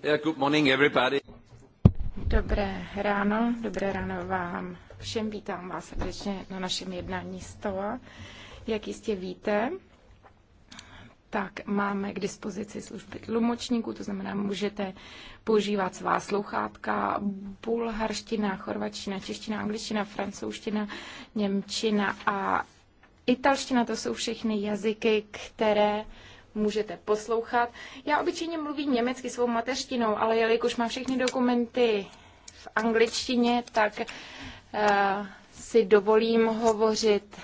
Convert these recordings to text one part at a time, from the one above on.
Dobré ráno, dobré ráno vám všem. Vítám vás srdečně na našem jednání toho. Jak jistě víte, tak máme k dispozici služby tlumočníků, to znamená, můžete používat svá sluchátka, bulharština, chorvačtina, čeština, angličtina, francouzština, němčina a italština, to jsou všechny jazyky, které můžete poslouchat. Já obyčejně mluvím německy svou mateřštinou, ale jelikož mám všechny dokumenty v angličtině, tak uh, si dovolím hovořit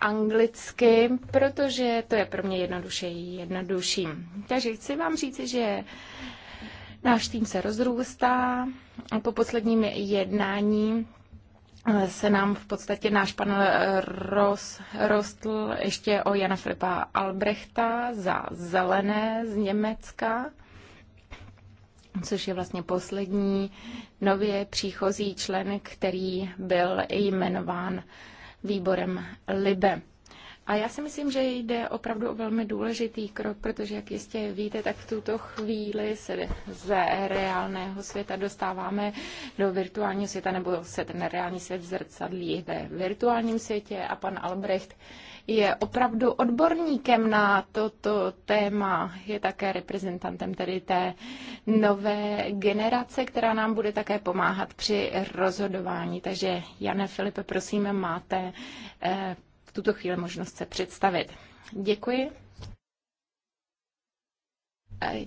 anglicky, protože to je pro mě jednodušší. jednodušší. Takže chci vám říct, že náš tým se rozrůstá. Po posledním jednání se nám v podstatě náš panel eh, roz, rostl ještě o Jana Filipa Albrechta za zelené z Německa, což je vlastně poslední nově příchozí člen, který byl jmenován výborem Libe. A já si myslím, že jde opravdu o velmi důležitý krok, protože, jak jistě víte, tak v tuto chvíli se z reálného světa dostáváme do virtuálního světa, nebo se ten reálný svět zrcadlí ve virtuálním světě a pan Albrecht je opravdu odborníkem na toto téma, je také reprezentantem tedy té nové generace, která nám bude také pomáhat při rozhodování. Takže Jane Filipe, prosím, máte eh, v tuto chvíli možnost se představit. Děkuji.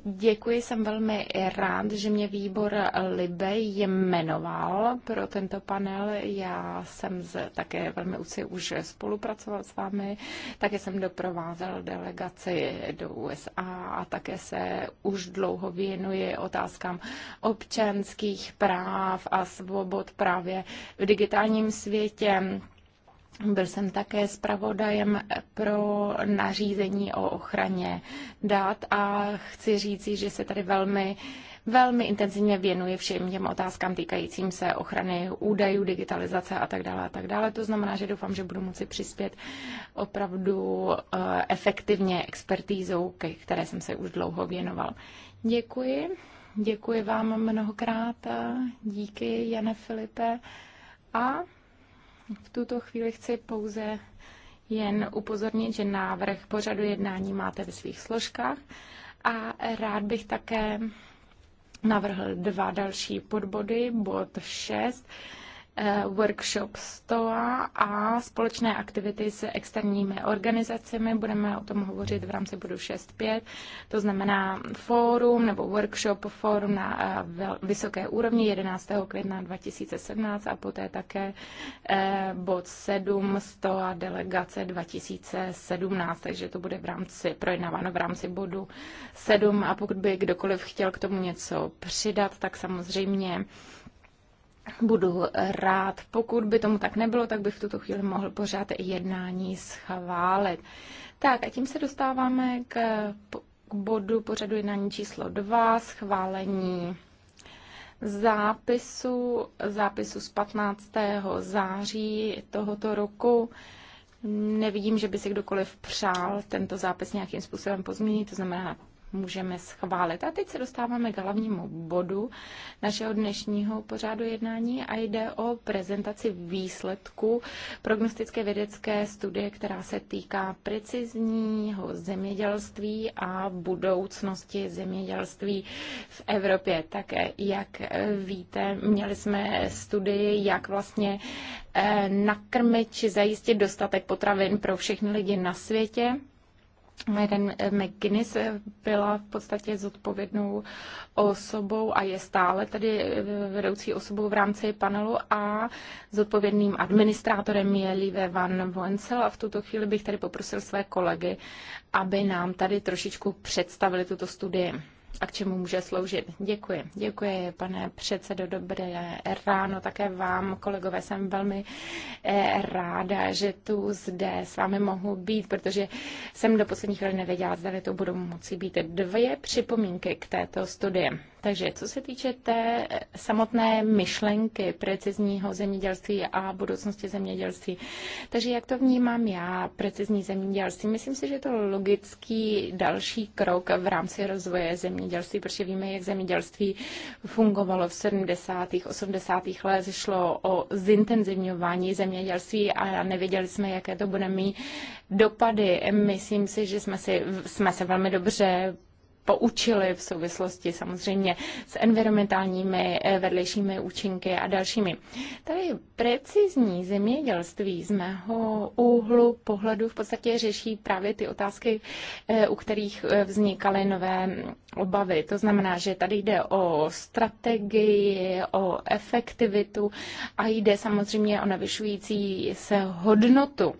Děkuji, jsem velmi rád, že mě výbor Libe jmenoval pro tento panel. Já jsem z, také velmi úci už spolupracoval s vámi, také jsem doprovázel delegaci do USA a také se už dlouho věnuji otázkám občanských práv a svobod právě v digitálním světě byl jsem také zpravodajem pro nařízení o ochraně dát a chci říci, že se tady velmi velmi intenzivně věnuje všem těm otázkám týkajícím se ochrany údajů, digitalizace a tak dále a tak dále. To znamená, že doufám, že budu moci přispět opravdu eh, efektivně expertízou, ke které jsem se už dlouho věnoval. Děkuji. Děkuji vám mnohokrát. Eh, díky, Jane Filipe. A v tuto chvíli chci pouze jen upozornit, že návrh pořadu jednání máte ve svých složkách a rád bych také navrhl dva další podbody, bod 6 Eh, workshop STOA a společné aktivity s externími organizacemi. Budeme o tom hovořit v rámci bodu 6.5, to znamená fórum nebo workshop fórum na eh, vysoké úrovni 11. května 2017 a poté také eh, bod 7 STOA delegace 2017, takže to bude v rámci projednáváno v rámci bodu 7 a pokud by kdokoliv chtěl k tomu něco přidat, tak samozřejmě budu rád. Pokud by tomu tak nebylo, tak bych v tuto chvíli mohl pořád jednání schválit. Tak a tím se dostáváme k, k bodu pořadu jednání číslo 2, schválení zápisu, zápisu z 15. září tohoto roku. Nevidím, že by si kdokoliv přál tento zápis nějakým způsobem pozměnit, to znamená můžeme schválit. A teď se dostáváme k hlavnímu bodu našeho dnešního pořádu jednání a jde o prezentaci výsledku prognostické vědecké studie, která se týká precizního zemědělství a budoucnosti zemědělství v Evropě. Tak eh, jak eh, víte, měli jsme studii, jak vlastně eh, nakrmit či zajistit dostatek potravin pro všechny lidi na světě. Meren McGuinness byla v podstatě zodpovědnou osobou a je stále tedy eh, vedoucí osobou v rámci panelu a zodpovědným administrátorem je Lieve van Wenzel a v tuto chvíli bych tady poprosil své kolegy, aby nám tady trošičku představili tuto studii a k čemu může sloužit. Děkuji. Děkuji, pane předsedo. Dobré ráno také vám, kolegové. Jsem velmi eh, ráda, že tu zde s vámi mohu být, protože jsem do posledních let nevěděla, zda to budou moci být dvě připomínky k této studii. Takže co se týče té samotné myšlenky precizního zemědělství a budoucnosti zemědělství, takže jak to vnímám já, precizní zemědělství, myslím si, že je to logický další krok v rámci rozvoje zemědělství zemědělství, protože víme, jak zemědělství fungovalo v 70. 80. letech. Šlo o zintenzivňování zemědělství a nevěděli jsme, jaké to bude mít dopady. Myslím si, že jsme, si, jsme se velmi dobře poučili v souvislosti samozřejmě s environmentálními eh, vedlejšími účinky a dalšími. Tady precizní zemědělství z mého úhlu pohledu v podstatě řeší právě ty otázky, eh, u kterých eh, vznikaly nové obavy. To znamená, že tady jde o strategii, o efektivitu a jde samozřejmě o navyšující se hodnotu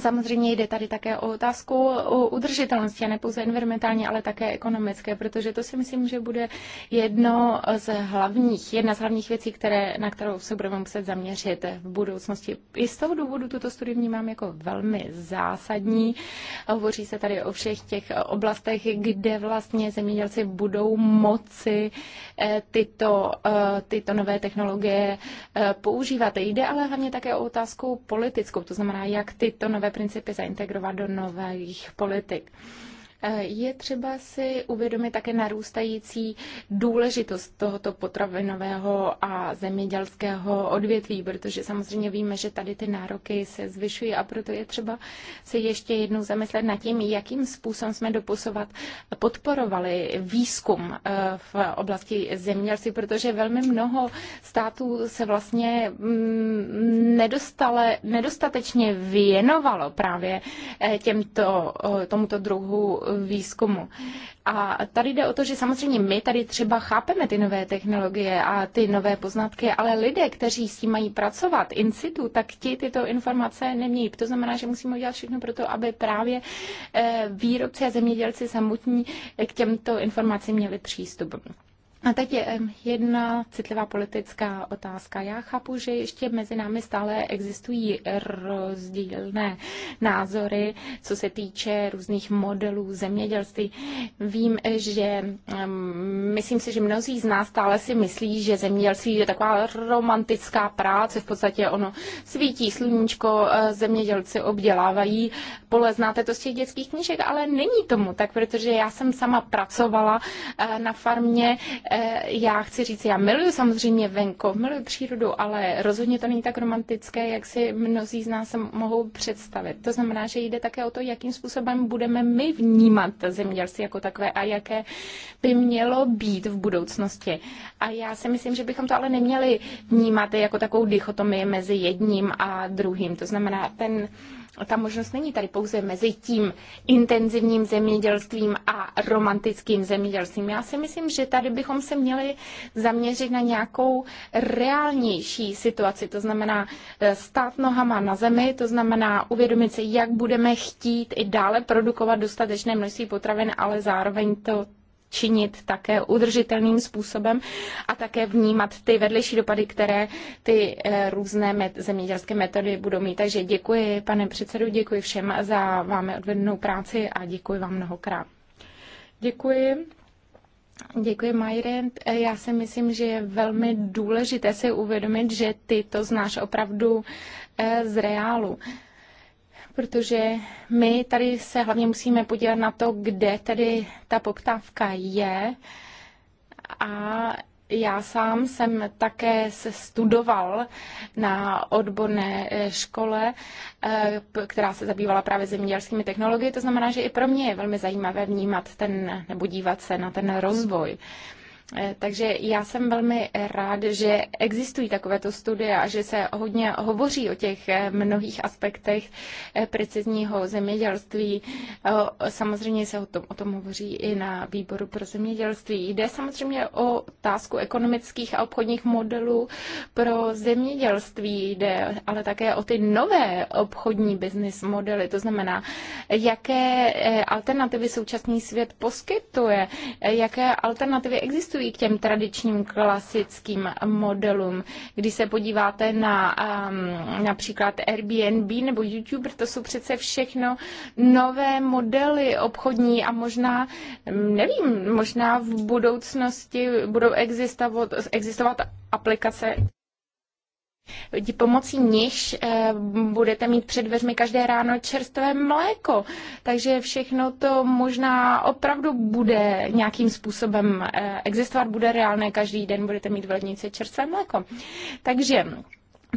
Samozřejmě jde tady také o otázku o udržitelnosti, a ne pouze environmentální, ale také ekonomické, protože to si myslím, že bude jedno z hlavních, jedna z hlavních věcí, které, na kterou se budeme muset zaměřit v budoucnosti. I z toho důvodu tuto studii vnímám jako velmi zásadní. Hovoří se tady o všech těch oblastech, kde vlastně zemědělci budou moci eh, tyto, eh, tyto nové technologie eh, používat. Jde ale hlavně také o otázku politickou, to znamená, jak tyto nové nové principy zaintegrovat do nových politik. Eh, je třeba si uvědomit také narůstající důležitost tohoto potravinového a zemědělského odvětví, protože samozřejmě víme, že tady ty nároky se zvyšují a proto je třeba se ještě jednou zamyslet nad tím, jakým způsobem jsme doposovat podporovali výzkum eh, v oblasti zemědělství, protože velmi mnoho států se vlastně mm, nedostale, nedostatečně věnovalo právě eh, těmto, tomuto druhu výzkumu. A tady jde o to, že samozřejmě my tady třeba chápeme ty nové technologie a ty nové poznatky, ale lidé, kteří s tím mají pracovat in situ, tak ti tyto informace nemějí. To znamená, že musíme udělat všechno pro to, aby právě eh, výrobci a zemědělci samotní k těmto informacím měli přístup. A teď je jedna citlivá politická otázka. Já chápu, že ještě mezi námi stále existují rozdílné názory, co se týče různých modelů zemědělství. Vím, že myslím si, že mnozí z nás stále si myslí, že zemědělství je taková romantická práce. V podstatě ono svítí sluníčko, e, zemědělci obdělávají pole. Znáte to z těch dětských knížek, ale není tomu tak, protože já jsem sama pracovala e, na farmě Eh, já chci říct, já miluju samozřejmě venkov, miluju přírodu, ale rozhodně to není tak romantické, jak si mnozí z nás mohou představit. To znamená, že jde také o to, jakým způsobem budeme my vnímat zemědělství jako takové a jaké by mělo být v budoucnosti. A já si myslím, že bychom to ale neměli vnímat jako takovou dichotomii mezi jedním a druhým. To znamená, ten ta možnost není tady pouze mezi tím intenzivním zemědělstvím a romantickým zemědělstvím. Já si myslím, že tady bychom se měli zaměřit na nějakou reálnější situaci, to znamená eh, stát nohama na zemi, to znamená uvědomit si, jak budeme chtít i dále produkovat dostatečné množství potravin, ale zároveň to činit také udržitelným způsobem a také vnímat ty vedlejší dopady, které ty eh, různé met- zemědělské metody budou mít. Takže děkuji, pane předsedu, děkuji všem za vámi odvedenou práci a děkuji vám mnohokrát. Děkuji. Děkuji, Majren. Eh, já si myslím, že je velmi důležité si uvědomit, že ty to znáš opravdu eh, z reálu protože my tady se hlavně musíme podívat na to, kde tedy ta poptávka je. A já sám jsem také se studoval na odborné eh, škole, eh, která se zabývala právě zemědělskými technologiemi. To znamená, že i pro mě je velmi zajímavé vnímat ten, nebo dívat se na ten rozvoj. Eh, takže já jsem velmi rád, že existují takovéto studie a že se hodně hovoří o těch eh, mnohých aspektech eh, precizního zemědělství. Samozřejmě se o tom, o tom hovoří i na výboru pro zemědělství. Jde samozřejmě o otázku ekonomických a obchodních modelů pro zemědělství, jde ale také o ty nové obchodní business modely, to znamená, jaké alternativy současný svět poskytuje, jaké alternativy existují nepřipisují k těm tradičním klasickým modelům. Když se podíváte na um, například Airbnb nebo YouTube, to jsou přece všechno nové modely obchodní a možná, nevím, možná v budoucnosti budou existovat, existovat aplikace Pomocí niž eh, budete mít před dveřmi každé ráno čerstvé mléko. Takže všechno to možná opravdu bude nějakým způsobem eh, existovat, bude reálné, každý den budete mít v lednici čerstvé mléko. Takže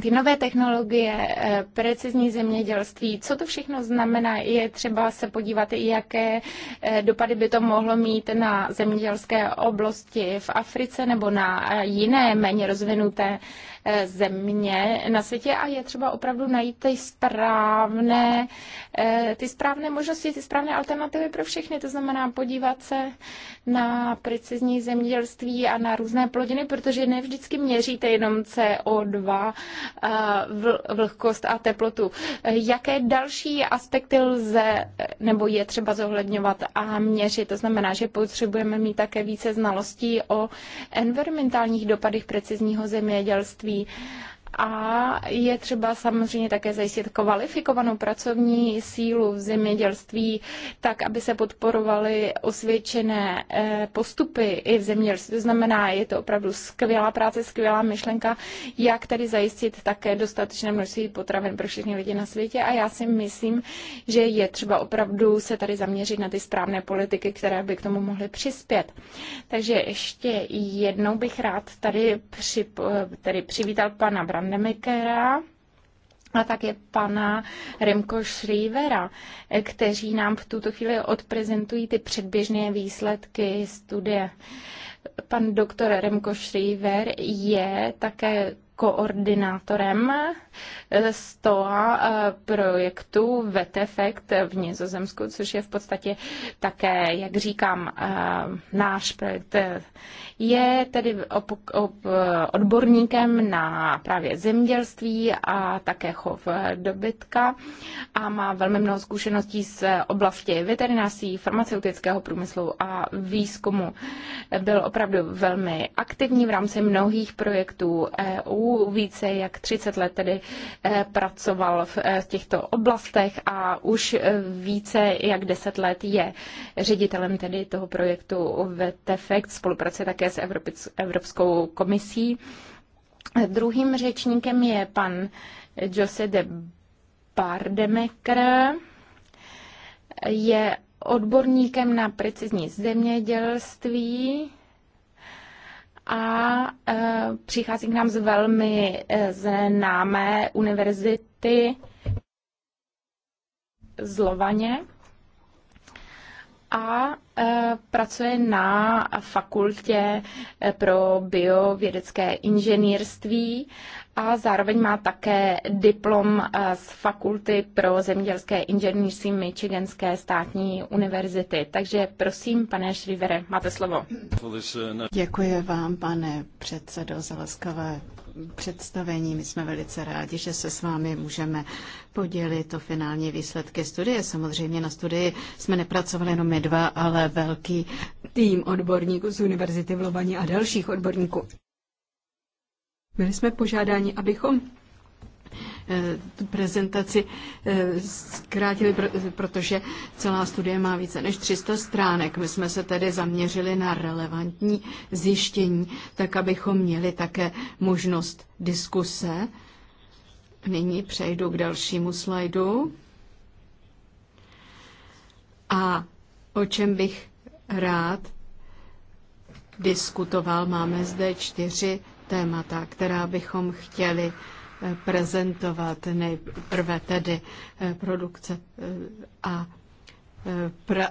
ty nové technologie, eh, precizní zemědělství, co to všechno znamená, je třeba se podívat, jaké dopady by to mohlo mít na zemědělské oblasti v Africe nebo na jiné méně rozvinuté Eh, země na světě a je třeba opravdu najít ty správné, eh, ty správné možnosti, ty správné alternativy pro všechny. To znamená podívat se na precizní zemědělství a na různé plodiny, protože ne vždycky měříte jenom CO2, eh, vlhkost a teplotu. Jaké další aspekty lze nebo je třeba zohledňovat a měřit? To znamená, že potřebujeme mít také více znalostí o environmentálních dopadech precizního zemědělství období a je třeba samozřejmě také zajistit kvalifikovanou pracovní sílu v zemědělství, tak, aby se podporovaly osvědčené eh, postupy i v zemědělství. To znamená, je to opravdu skvělá práce, skvělá myšlenka, jak tady zajistit také dostatečné množství potravin pro všechny lidi na světě. A já si myslím, že je třeba opravdu se tady zaměřit na ty správné politiky, které by k tomu mohly přispět. Takže ještě jednou bych rád tady, při, tady přivítal pana Bra Demekera a také pana Remko Šrývera, kteří nám v tuto chvíli odprezentují ty předběžné výsledky studie. Pan doktor Remko Šrýver je také koordinátorem toho eh, projektu VETEFECT v Nizozemsku, což je v podstatě také, jak říkám, eh, náš projekt. Je tedy odborníkem na právě zemědělství a také chov dobytka a má velmi mnoho zkušeností z oblasti veterinářství, farmaceutického průmyslu a výzkumu. Byl opravdu velmi aktivní v rámci mnohých projektů EU více jak 30 let tedy eh, pracoval eh, v těchto oblastech a už eh, více jak 10 let je ředitelem tedy toho projektu VTFECT, e spolupracuje také s Evropskou komisí. Druhým řečníkem je pan Jose de Bardemecker. Je odborníkem na precizní zemědělství a e, přichází k nám z velmi e, známé univerzity Zlovaně a e, pracuje na fakultě pro biovědecké inženýrství a zároveň má také diplom eh, z fakulty pro zemědělské inženýrství Michiganské státní univerzity. Takže prosím, pane Šrivere, máte slovo. Děkuji vám, pane předsedo, za laskavé představení. My jsme velice rádi, že se s vámi můžeme podělit o finální výsledky studie. Samozřejmě na studii jsme nepracovali jenom my dva, ale velký tým odborníků z Univerzity v Lovani a dalších odborníků. Byli jsme požádáni, abychom eh, tu prezentaci eh, zkrátili, protože celá studie má více než 300 stránek. My jsme se tedy zaměřili na relevantní zjištění, tak abychom měli také možnost diskuse. Nyní přejdu k dalšímu slajdu. A o čem bych rád diskutoval, máme zde čtyři témata, která bychom chtěli eh, prezentovat. Nejprve tedy eh, produkce eh, a pra,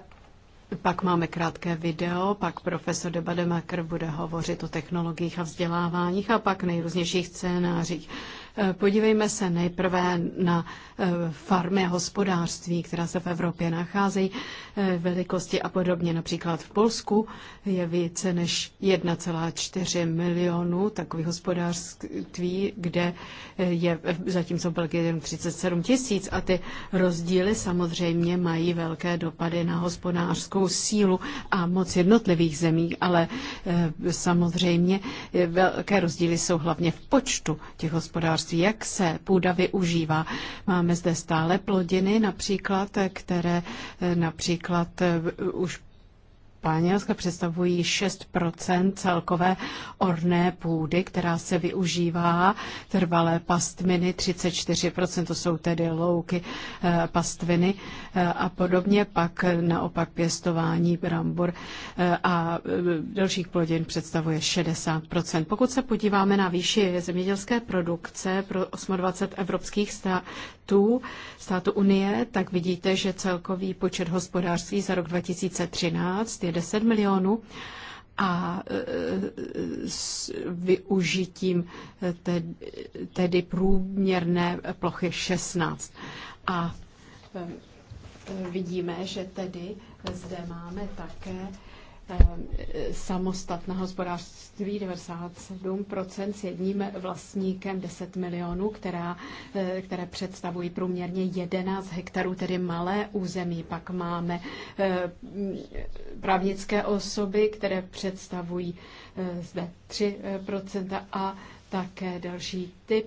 pak máme krátké video, pak profesor Bademaker bude hovořit o technologiích a vzděláváních a pak nejrůznějších scénářích. Eh, podívejme se nejprve na eh, farmy hospodářství, která se v Evropě nacházejí, eh, velikosti a podobně. Například v Polsku je více než 1,4 milionu takových hospodářství, kde je zatímco v Belgii jen 37 tisíc a ty rozdíly samozřejmě mají velké dopady na hospodářskou sílu a moc jednotlivých zemí, ale samozřejmě velké rozdíly jsou hlavně v počtu těch hospodářství hospodářství, jak se půda využívá. Máme zde stále plodiny, například, které eh, například eh, už Španělska představují 6 celkové orné půdy, která se využívá, trvalé pastminy 34 to jsou tedy louky, eh, pastviny eh, a podobně, pak naopak pěstování brambor eh, a dalších plodin představuje 60 Pokud se podíváme na výši zemědělské produkce pro 28 evropských států, států, státu Unie, tak vidíte, že celkový počet hospodářství za rok 2013 je 10 milionů a e, s využitím e, tedy průměrné plochy 16. A e, vidíme, že tedy zde máme také Eh, samostatná hospodářství 97% s jedním vlastníkem 10 milionů, která, eh, které představují průměrně 11 hektarů, tedy malé území. Pak máme eh, právnické osoby, které představují zde 3% a také další typ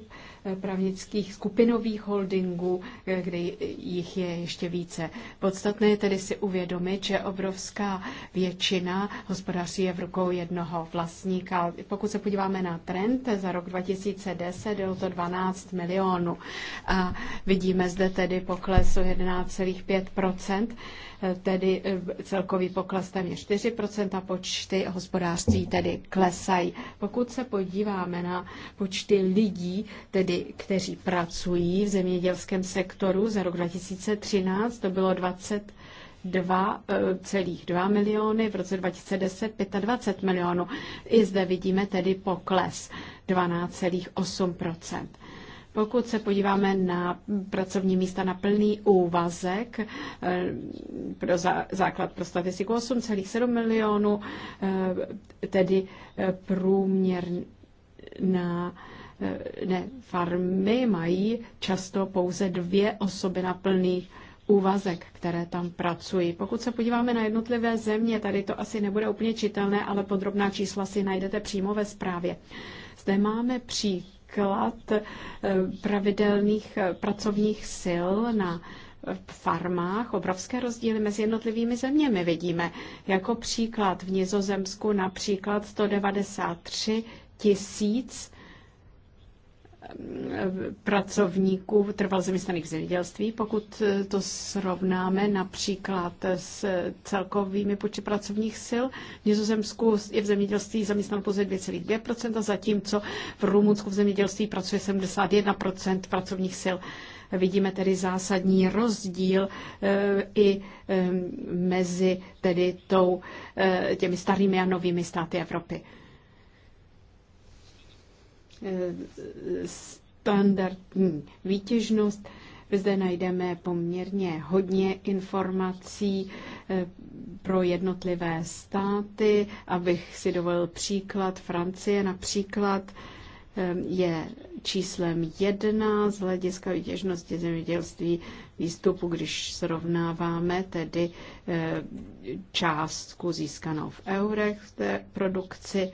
právnických skupinových holdingů, eh, kde jich je ještě více. Podstatné je tedy si uvědomit, že obrovská většina hospodářství je v rukou jednoho vlastníka. Pokud se podíváme na trend, za rok 2010 bylo to 12 milionů. A vidíme zde tedy pokles o 11,5 tedy eh, celkový pokles téměř 4%, počty hospodářství tedy klesají. Pokud se podíváme na počty lidí, tedy kteří pracují v zemědělském sektoru za rok 2013, to bylo 20 2,2 eh, miliony, v roce 2010 25 milionů. I zde vidíme tedy pokles 12,8 pokud se podíváme na pracovní místa na plný úvazek eh, pro základ pro statistiku 8,7 milionů, eh, tedy eh, průměr na ne, farmy mají často pouze dvě osoby na plný úvazek, které tam pracují. Pokud se podíváme na jednotlivé země, tady to asi nebude úplně čitelné, ale podrobná čísla si najdete přímo ve zprávě. Zde máme příklad příklad eh, pravidelných eh, pracovních sil na farmách obrovské rozdíly mezi jednotlivými zeměmi vidíme. Jako příklad v Nizozemsku například 193 tisíc pracovníků trvalo zaměstnaných v zemědělství. Pokud to srovnáme například s celkovými počty pracovních sil, v Nizozemsku je v zemědělství zaměstnáno pouze 2,2%, zatímco v Rumunsku v zemědělství pracuje 71% pracovních sil. Vidíme tedy zásadní rozdíl eh, i eh, mezi tedy tou, eh, těmi starými a novými státy Evropy. Eh, standardní výtěžnost. Zde najdeme poměrně hodně informací eh, pro jednotlivé státy. Abych si dovolil příklad, Francie například eh, je číslem jedna z hlediska výtěžnosti zemědělství výstupu, když srovnáváme tedy částku získanou v eurech v té produkci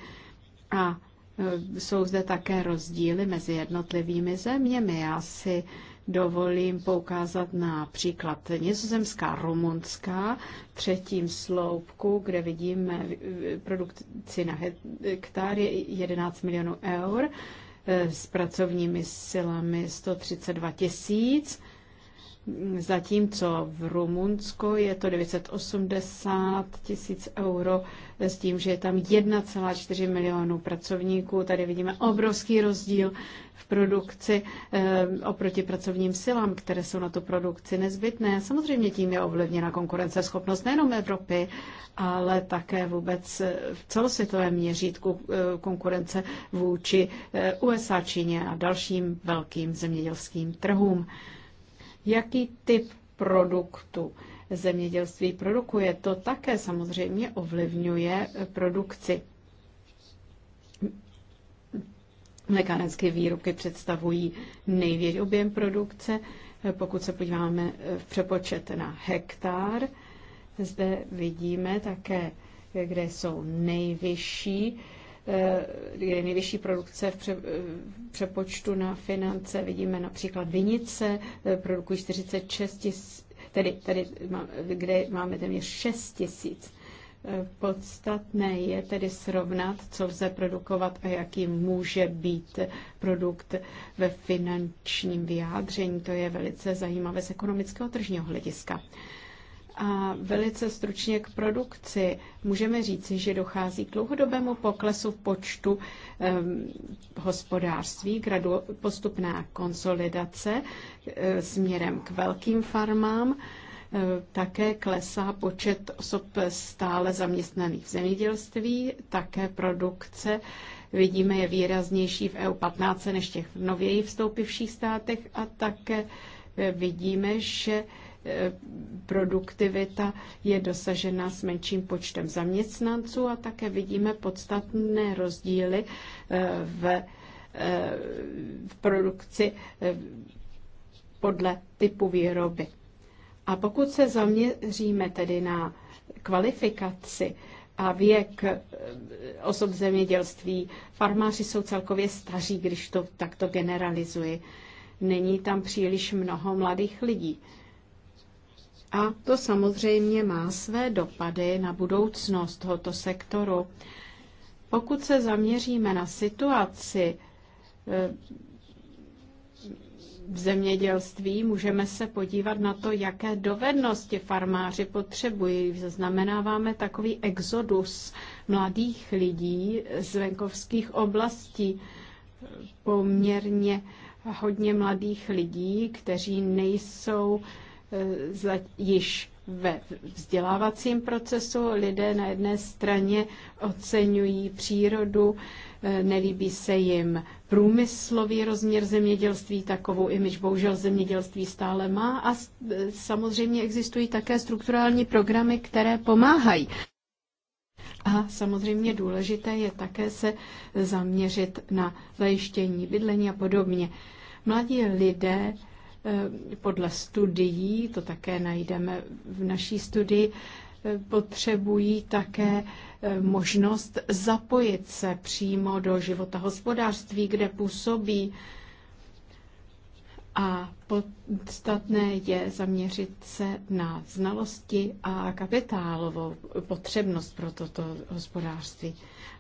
a Eh, jsou zde také rozdíly mezi jednotlivými zeměmi. Já si dovolím poukázat na příklad nizozemská, rumunská, třetím sloupku, kde vidíme eh, produkci na hektar je 11 milionů eur eh, s pracovními silami 132 tisíc zatímco v Rumunsku je to 980 tisíc euro s tím, že je tam 1,4 milionů pracovníků. Tady vidíme obrovský rozdíl v produkci eh, oproti pracovním silám, které jsou na tu produkci nezbytné. Samozřejmě tím je ovlivněna konkurenceschopnost nejenom Evropy, ale také vůbec eh, v celosvětovém měřítku eh, konkurence vůči USA, Číně a dalším velkým zemědělským trhům jaký typ produktu zemědělství produkuje. To také samozřejmě ovlivňuje produkci. Mlékárenské výrobky představují největší objem produkce. Pokud se podíváme v přepočet na hektar, zde vidíme také, kde jsou nejvyšší kde eh, je nejvyšší produkce v přepočtu na finance. Vidíme například Vinice, eh, produkují 46 tisíc, tedy tady, kde máme téměř 6 tisíc. Eh, podstatné je tedy srovnat, co lze produkovat a jaký může být produkt ve finančním vyjádření. To je velice zajímavé z ekonomického tržního hlediska. A velice stručně k produkci. Můžeme říci, že dochází k dlouhodobému poklesu v počtu um, hospodářství, gradu, postupná konsolidace e, směrem k velkým farmám. Eh, také klesá počet osob stále zaměstnaných v zemědělství, také produkce vidíme je výraznější v EU 15 než těch v nověji vstoupivších státech a také eh, vidíme, že E, produktivita je dosažena s menším počtem zaměstnanců a také vidíme podstatné rozdíly e, v, e, v produkci podle typu výroby. A pokud se zaměříme tedy na kvalifikaci a věk osob zemědělství, farmáři jsou celkově staří, když to takto generalizuji. Není tam příliš mnoho mladých lidí. A to samozřejmě má své dopady na budoucnost tohoto sektoru. Pokud se zaměříme na situaci eh, v zemědělství, můžeme se podívat na to, jaké dovednosti farmáři potřebují. Zaznamenáváme takový exodus mladých lidí z venkovských oblastí. Poměrně hodně mladých lidí, kteří nejsou za, již ve vzdělávacím procesu. Lidé na jedné straně oceňují přírodu, eh, nelíbí se jim průmyslový rozměr zemědělství, takovou imič bohužel zemědělství stále má a samozřejmě existují také strukturální programy, které pomáhají. A samozřejmě důležité je také se zaměřit na zajištění bydlení a podobně. Mladí lidé Eh, podle studií, to také najdeme v naší studii, eh, potřebují také eh, možnost zapojit se přímo do života hospodářství, kde působí. A podstatné je zaměřit se na znalosti a kapitálovou potřebnost pro toto hospodářství.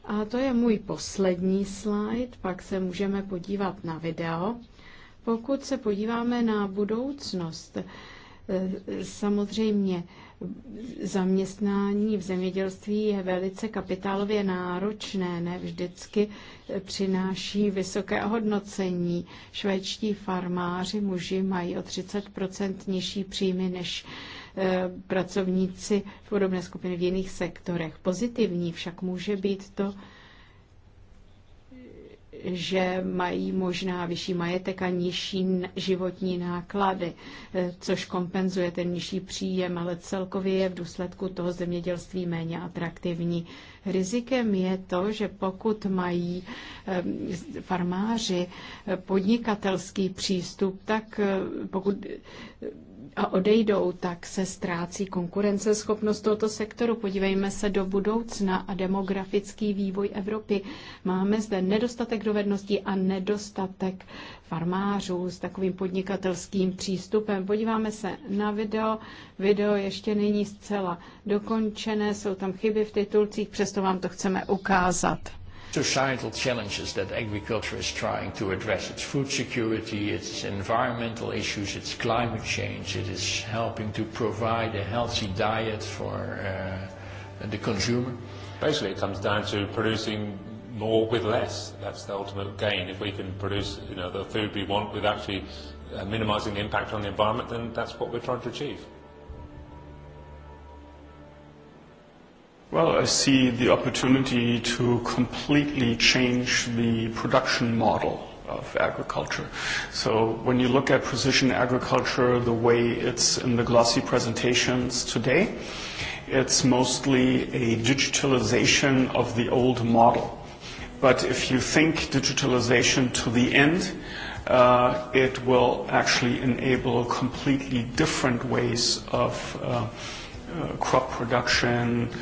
A to je můj poslední slide, pak se můžeme podívat na video. Pokud se podíváme na budoucnost, eh, samozřejmě zaměstnání v zemědělství je velice kapitálově náročné, ne vždycky eh, přináší vysoké hodnocení. Švédští farmáři, muži mají o 30 nižší příjmy než eh, pracovníci v podobné skupiny v jiných sektorech. Pozitivní však může být to, že mají možná vyšší majetek a nižší životní náklady, eh, což kompenzuje ten nižší příjem, ale celkově je v důsledku toho zemědělství méně atraktivní. Rizikem je to, že pokud mají eh, farmáři eh, podnikatelský přístup, tak pokud a odejdou, tak se ztrácí konkurenceschopnost tohoto sektoru. Podívejme se do budoucna a demografický vývoj Evropy. Máme zde nedostatek dovedností a nedostatek farmářů s takovým podnikatelským přístupem. Podíváme se na video. Video ještě není zcela dokončené, jsou tam chyby v titulcích, přesto vám to chceme ukázat societal challenges that agriculture is trying to address. It's food security, it's environmental issues, it's climate change, it is helping to provide a healthy diet for uh, the consumer. Basically, it comes down to producing more with less. That's the ultimate gain. If we can produce you know, the food we want with actually uh, minimizing the impact on the environment, then that's what we're trying to achieve. Well, I see the opportunity to completely change the production model of agriculture. So when you look at precision agriculture, the way it's in the glossy presentations today, it's mostly a digitalization of the old model. But if you think digitalization to the end, uh, it will actually enable completely different ways of uh, uh, crop production, uh,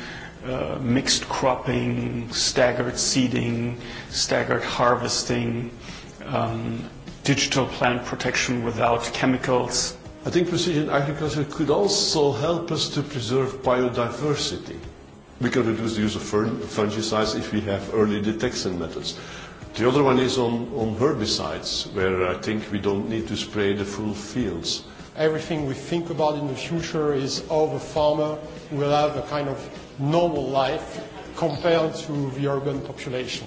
Uh, mixed cropping, staggered seeding, staggered harvesting, um, digital plant protection without chemicals. I think precision agriculture could also help us to preserve biodiversity. We can reduce the use of fungicides if we have early detection methods. The other one is on, on herbicides, where I think we don't need to spray the full fields. Everything we think about in the future is how the farmer will have a kind of normal life compared to the urban population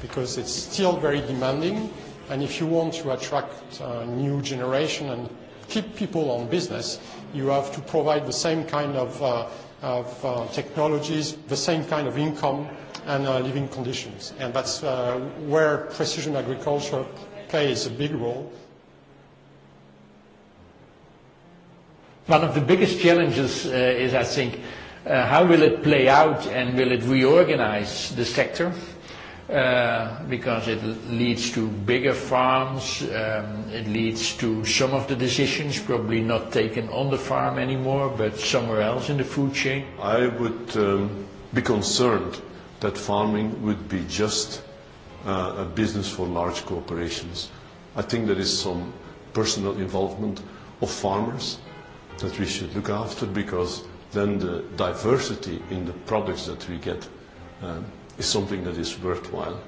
because it's still very demanding and if you want to attract a new generation and keep people on business, you have to provide the same kind of, uh, of uh, technologies, the same kind of income and uh, living conditions. And that's uh, where precision agriculture plays a big role. One of the biggest challenges uh, is, I think, Uh, how will it play out and will it reorganize the sector? Uh, because it leads to bigger farms, um, it leads to some of the decisions probably not taken on the farm anymore, but somewhere else in the food chain. I would um, be concerned that farming would be just uh, a business for large corporations. I think there is some personal involvement of farmers that we should look after because then the diversity in the products that we get um, is something that is worthwhile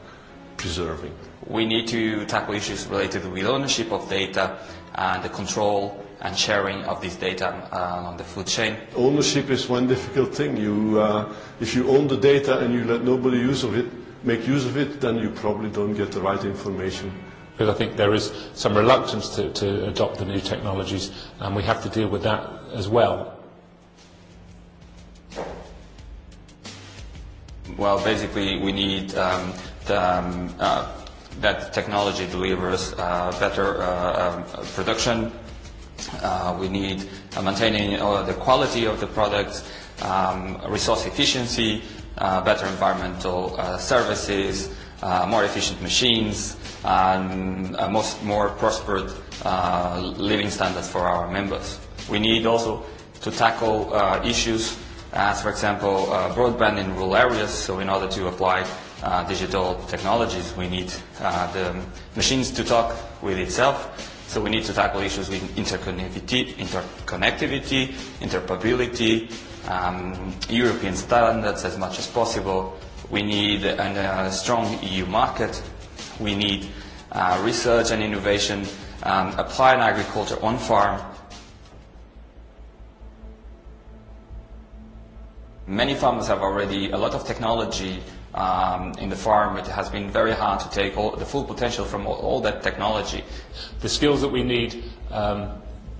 preserving. We need to tackle issues related to the ownership of data and the control and sharing of this data uh, on the food chain. Ownership is one difficult thing. You, uh, if you own the data and you let nobody use of it, make use of it, then you probably don't get the right information. Because I think there is some reluctance to, to adopt the new technologies, and we have to deal with that as well well, basically we need um, the, um, uh, that technology delivers uh, better uh, um, production. Uh, we need uh, maintaining uh, the quality of the products, um, resource efficiency, uh, better environmental uh, services, uh, more efficient machines, and a uh, most, more prosperous uh, living standards for our members. We need also to tackle uh, issues as, for example, uh, broadband in rural areas. So in order to apply uh, digital technologies, we need uh, the machines to talk with itself. So we need to tackle issues with interconnectivity, interconnectivity interoperability, um, European standards as much as possible. We need a uh, strong EU market. We need uh, research and innovation um, applied agriculture on farm Many farmers have already a lot of technology um, in the farm. It has been very hard to take all, the full potential from all, all that technology. The skills that we need um,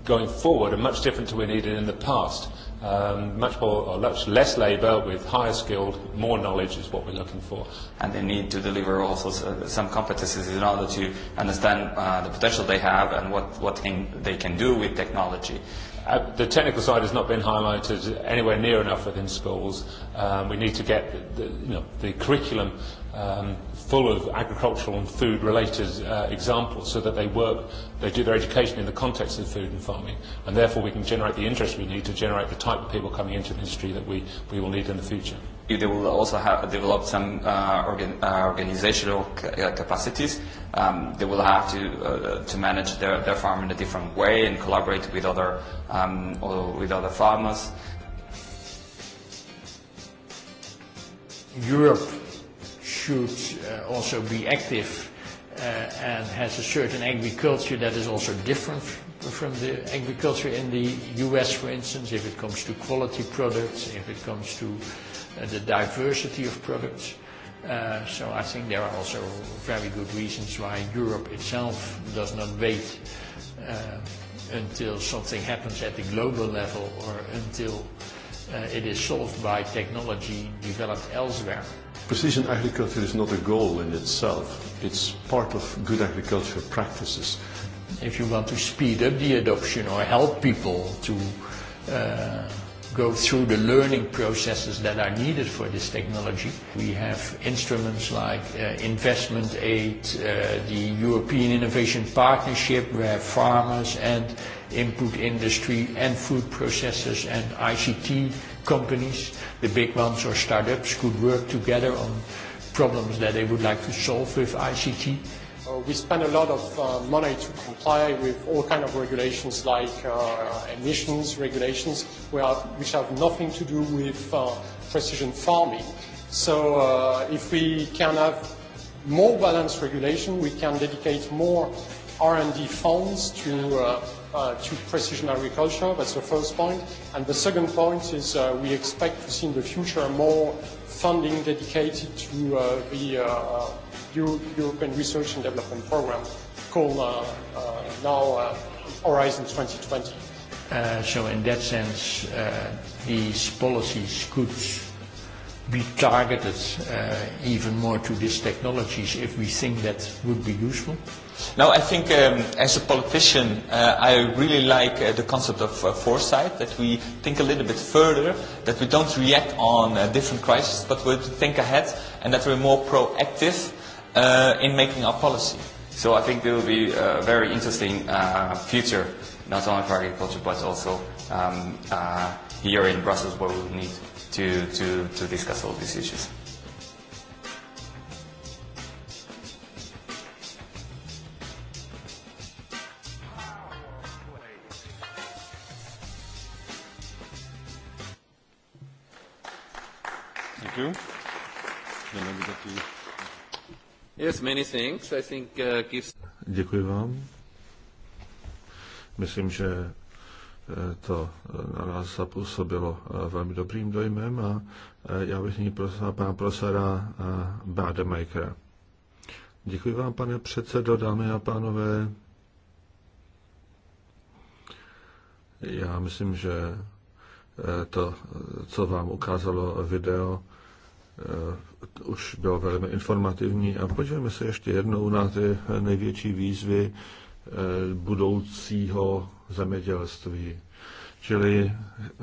going forward are much different to what we needed in the past. Um, much more or much less labour with higher skilled, more knowledge is what we're looking for. And they need to deliver also uh, some competences in order to understand uh, the potential they have and what, what can, they can do with technology. Uh, the technical side has not been highlighted anywhere near enough within schools. Um, we need to get the, the, you know, the curriculum um, full of agricultural and food related uh, examples so that they work, they do their education in the context of food and farming and therefore we can generate the interest we need to generate the type of people coming into the industry that we, we will need in the future they will also have develop some uh, organ, uh, organizational ca uh, capacities. Um, they will have to uh, to manage their, their farm in a different way and collaborate with other um, or with other farmers. Europe should uh, also be active uh, and has a certain agriculture that is also different from the agriculture in the U.S., for instance, if it comes to quality products, if it comes to uh, Uh, the diversity of products. Uh, so I think there are also very good reasons why Europe itself does not wait uh, until something happens at the global level or until uh, it is solved by technology developed elsewhere. Precision agriculture is not a goal in itself. It's part of good agricultural practices. If you want to speed up the adoption or help people to uh, go through the learning processes that are needed for this technology. We have instruments like uh, investment aid, uh, the European Innovation Partnership, where farmers and input industry and food processors and ICT companies, the big ones or startups, could work together on problems that they would like to solve with ICT Uh, we spend a lot of uh, money to comply with all kind of regulations like uh, emissions regulations, which have nothing to do with uh, precision farming. So uh, if we can have more balanced regulation, we can dedicate more R&D funds to, uh, uh, to precision agriculture. That's the first point. And the second point is uh, we expect to see in the future more funding dedicated to uh, the uh, uh Euro European Research and Development Program called uh, uh, now uh, Horizon 2020. Uh, so in that sense, uh, these policies could be targeted uh, even more to these technologies if we think that would be useful? Now I think um, as a politician, uh, I really like uh, the concept of uh, foresight, that we think a little bit further, that we don't react on uh, different crises, but we think ahead and that we're more proactive uh, in making our policy. So I think there will be a very interesting uh, future, not only for agriculture, but also um, uh, here in Brussels, where we need to, to, to discuss all these issues. Thank you. Yes, many thanks. I think, uh, gives... Děkuji vám. Myslím, že to na nás zapůsobilo eh, velmi dobrým dojmem a eh, já bych nyní prosil pana profesora eh, Bademakera. Děkuji vám, pane předsedo, dámy a pánové. Já myslím, že to, co vám ukázalo video, už bylo velmi informativní. A podívejme se ještě jednou na ty největší výzvy budoucího zemědělství. Čili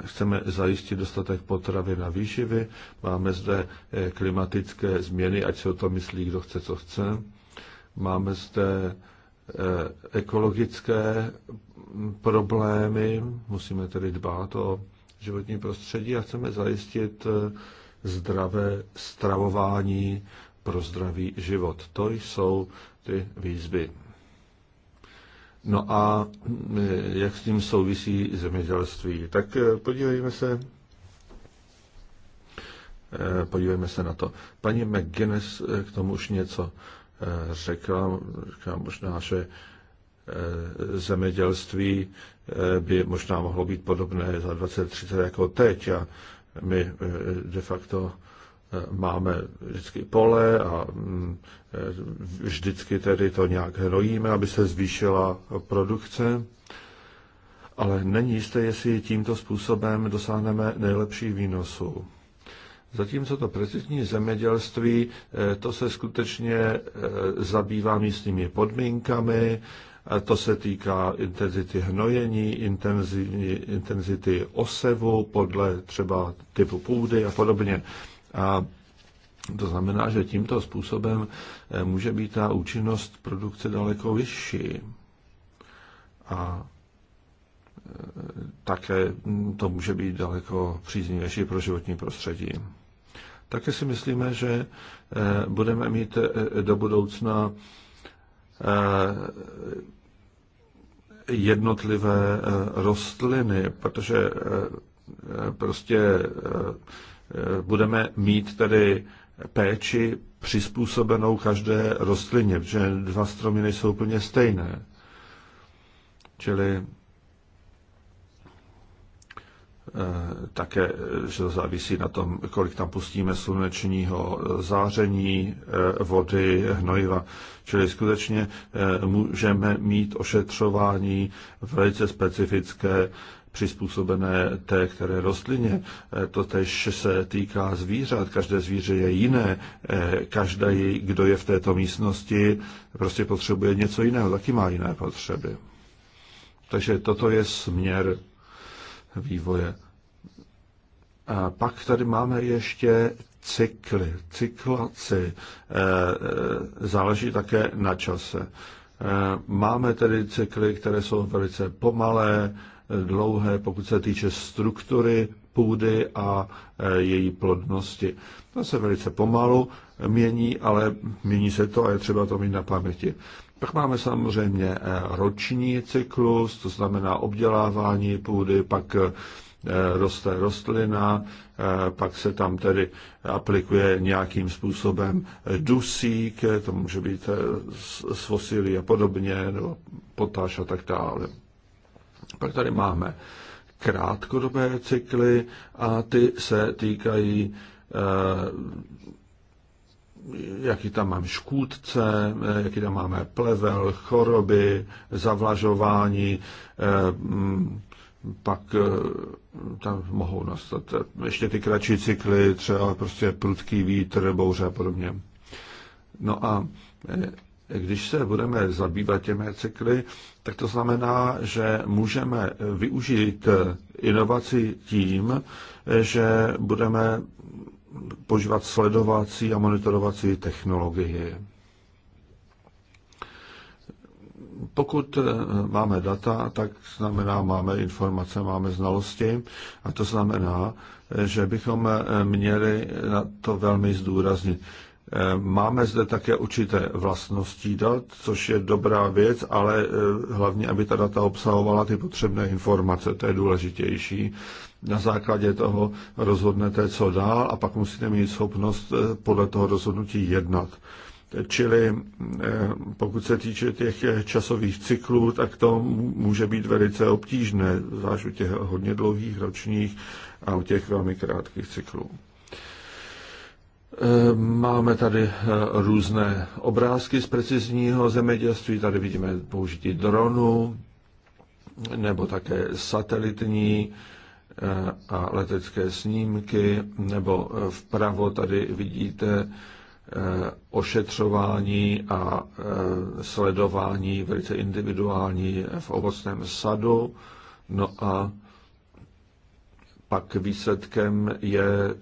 chceme zajistit dostatek potravy na výživy, máme zde eh, klimatické změny, ať se o to myslí, kdo chce, co chce. Máme zde eh, ekologické mm, problémy, musíme tedy dbát o životní prostředí a chceme zajistit eh, zdravé stravování pro zdravý život. To jsou ty výzvy. No a eh, jak s tím souvisí zemědělství? Tak eh, podívejme se eh, podívejme se na to. Paní McGuinness k tomu už něco řekla, řekla možná, že zemědělství by možná mohlo být podobné za 20-30 jako teď a my de facto máme vždycky pole a mm, e, vždycky tedy to nějak hnojíme, aby se zvýšila produkce, ale není jisté, jestli tímto způsobem dosáhneme nejlepší výnosu. Zatímco to precizní zemědělství, e, to se skutečně e, zabývá místními podmínkami, to se týká intenzity hnojení, intenzivní, intenzity osevu podle třeba typu půdy a podobně. A to znamená, že tímto způsobem eh, může být ta účinnost produkce daleko vyšší. A eh, také hm, to může být daleko příznivější pro životní prostředí. Také si myslíme, že eh, budeme mít do budoucna jednotlivé rostliny, protože prostě budeme mít tedy péči přizpůsobenou každé rostlině, protože dva stromy nejsou úplně stejné. Čili eh, také, že to závisí na tom, kolik tam pustíme slunečního záření, eh, vody, hnojiva. Čili skutečně eh, můžeme mít ošetřování velice specifické přizpůsobené té které rostlině. Eh, tež se týká zvířat, každé zvíře je jiné, eh, každý, kdo je v této místnosti, prostě potřebuje něco jiného, taky má jiné potřeby. Takže toto je směr vývoje. A pak tady máme ještě cykly, cyklaci. Eh, záleží také na čase. Máme tedy cykly, které jsou velice pomalé, dlouhé, pokud se týče struktury půdy a e, její plodnosti. To se velice pomalu mění, ale mění se to a je třeba to mít na paměti. Pak máme samozřejmě e, roční cyklus, to znamená obdělávání půdy, pak e, roste rostlina, pak se tam tedy aplikuje nějakým způsobem dusík, to může být svosilí a podobně, nebo potáž a tak dále. Pak tady máme krátkodobé cykly a ty se týkají eh, jaký tam mám škůdce, eh, jaký tam máme plevel, choroby, zavlažování, eh, mm, pak tam mohou nastat ještě ty kratší cykly, třeba prostě prudký vítr, bouře a podobně. No a když se budeme zabývat těmi cykly, tak to znamená, že můžeme využít inovaci tím, že budeme používat sledovací a monitorovací technologii. Pokud máme data, tak znamená, máme informace, máme znalosti a to znamená, že bychom měli na to velmi zdůraznit. Eh, máme zde také určité vlastnosti dat, což je dobrá věc, ale eh, hlavně, aby ta data obsahovala ty potřebné informace, to je důležitější. Na základě toho rozhodnete, co dál, a pak musíte mít schopnost eh, podle toho rozhodnutí jednat. Čili pokud se týče těch časových cyklů, tak to může být velice obtížné, zvlášť u těch hodně dlouhých ročních a u těch velmi krátkých cyklů. Eh, máme tady eh, různé obrázky z precizního zemědělství. Tady vidíme použití dronu nebo také satelitní eh, a letecké snímky, nebo vpravo tady vidíte ošetřování a sledování velice individuální v ovocném sadu. No a pak výsledkem je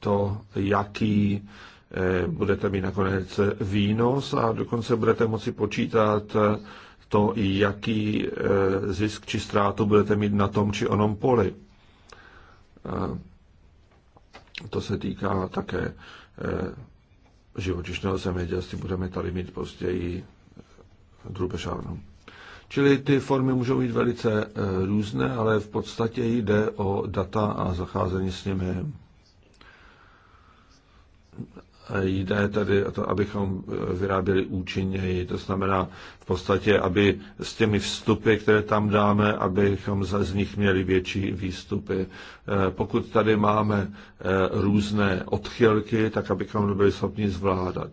to, jaký eh, budete mít nakonec výnos a dokonce budete moci počítat to, jaký eh, zisk či ztrátu budete mít na tom či onom poli. Eh, to se týká také živočišného zemědělství. Budeme tady mít později drubežárnu. Čili ty formy můžou být velice eh, různé, ale v podstatě jde o data a zacházení s nimi. Jde tedy o to, abychom eh, vyráběli účinněji, to znamená v podstatě, aby s těmi vstupy, které tam dáme, abychom z nich měli větší výstupy. Eh, pokud tady máme různé odchylky, tak abychom byli schopni zvládat.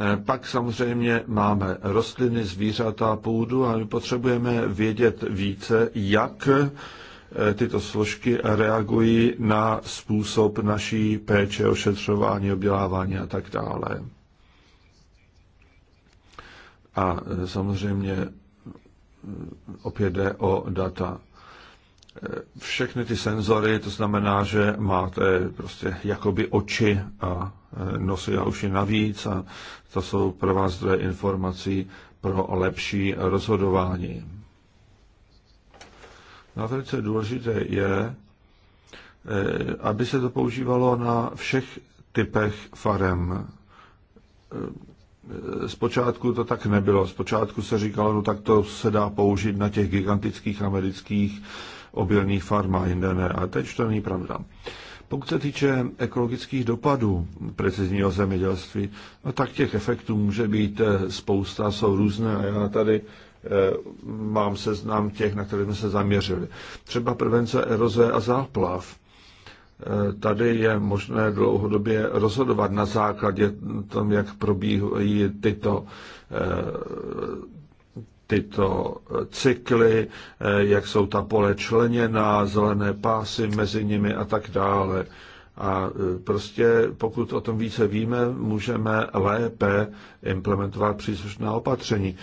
Eh, pak samozřejmě máme rostliny, zvířata, půdu a my potřebujeme vědět více, jak eh, tyto složky reagují na způsob naší péče, ošetřování, obdělávání a tak dále. A eh, samozřejmě mm, opět jde o data všechny ty senzory, to znamená, že máte prostě jakoby oči a e, nosy a uši navíc a to jsou pro vás zdroje informací pro lepší rozhodování. Na no velice důležité je, e, aby se to používalo na všech typech farem e, Zpočátku to tak nebylo. Zpočátku se říkalo, no tak to se dá použít na těch gigantických amerických obilných farmách, jinde ne. A teď to není pravda. Pokud se týče ekologických dopadů precizního zemědělství, no tak těch efektů může být eh, spousta, jsou různé a já tady eh, mám seznam těch, na které jsme se zaměřili. Třeba prevence eroze a záplav. Eh, tady je možné dlouhodobě rozhodovat na základě tom, jak probíhají tyto, eh, tyto cykly, eh, jak jsou ta pole členěná, zelené pásy mezi nimi a tak dále. A prostě pokud o tom více víme, můžeme lépe implementovat příslušná opatření.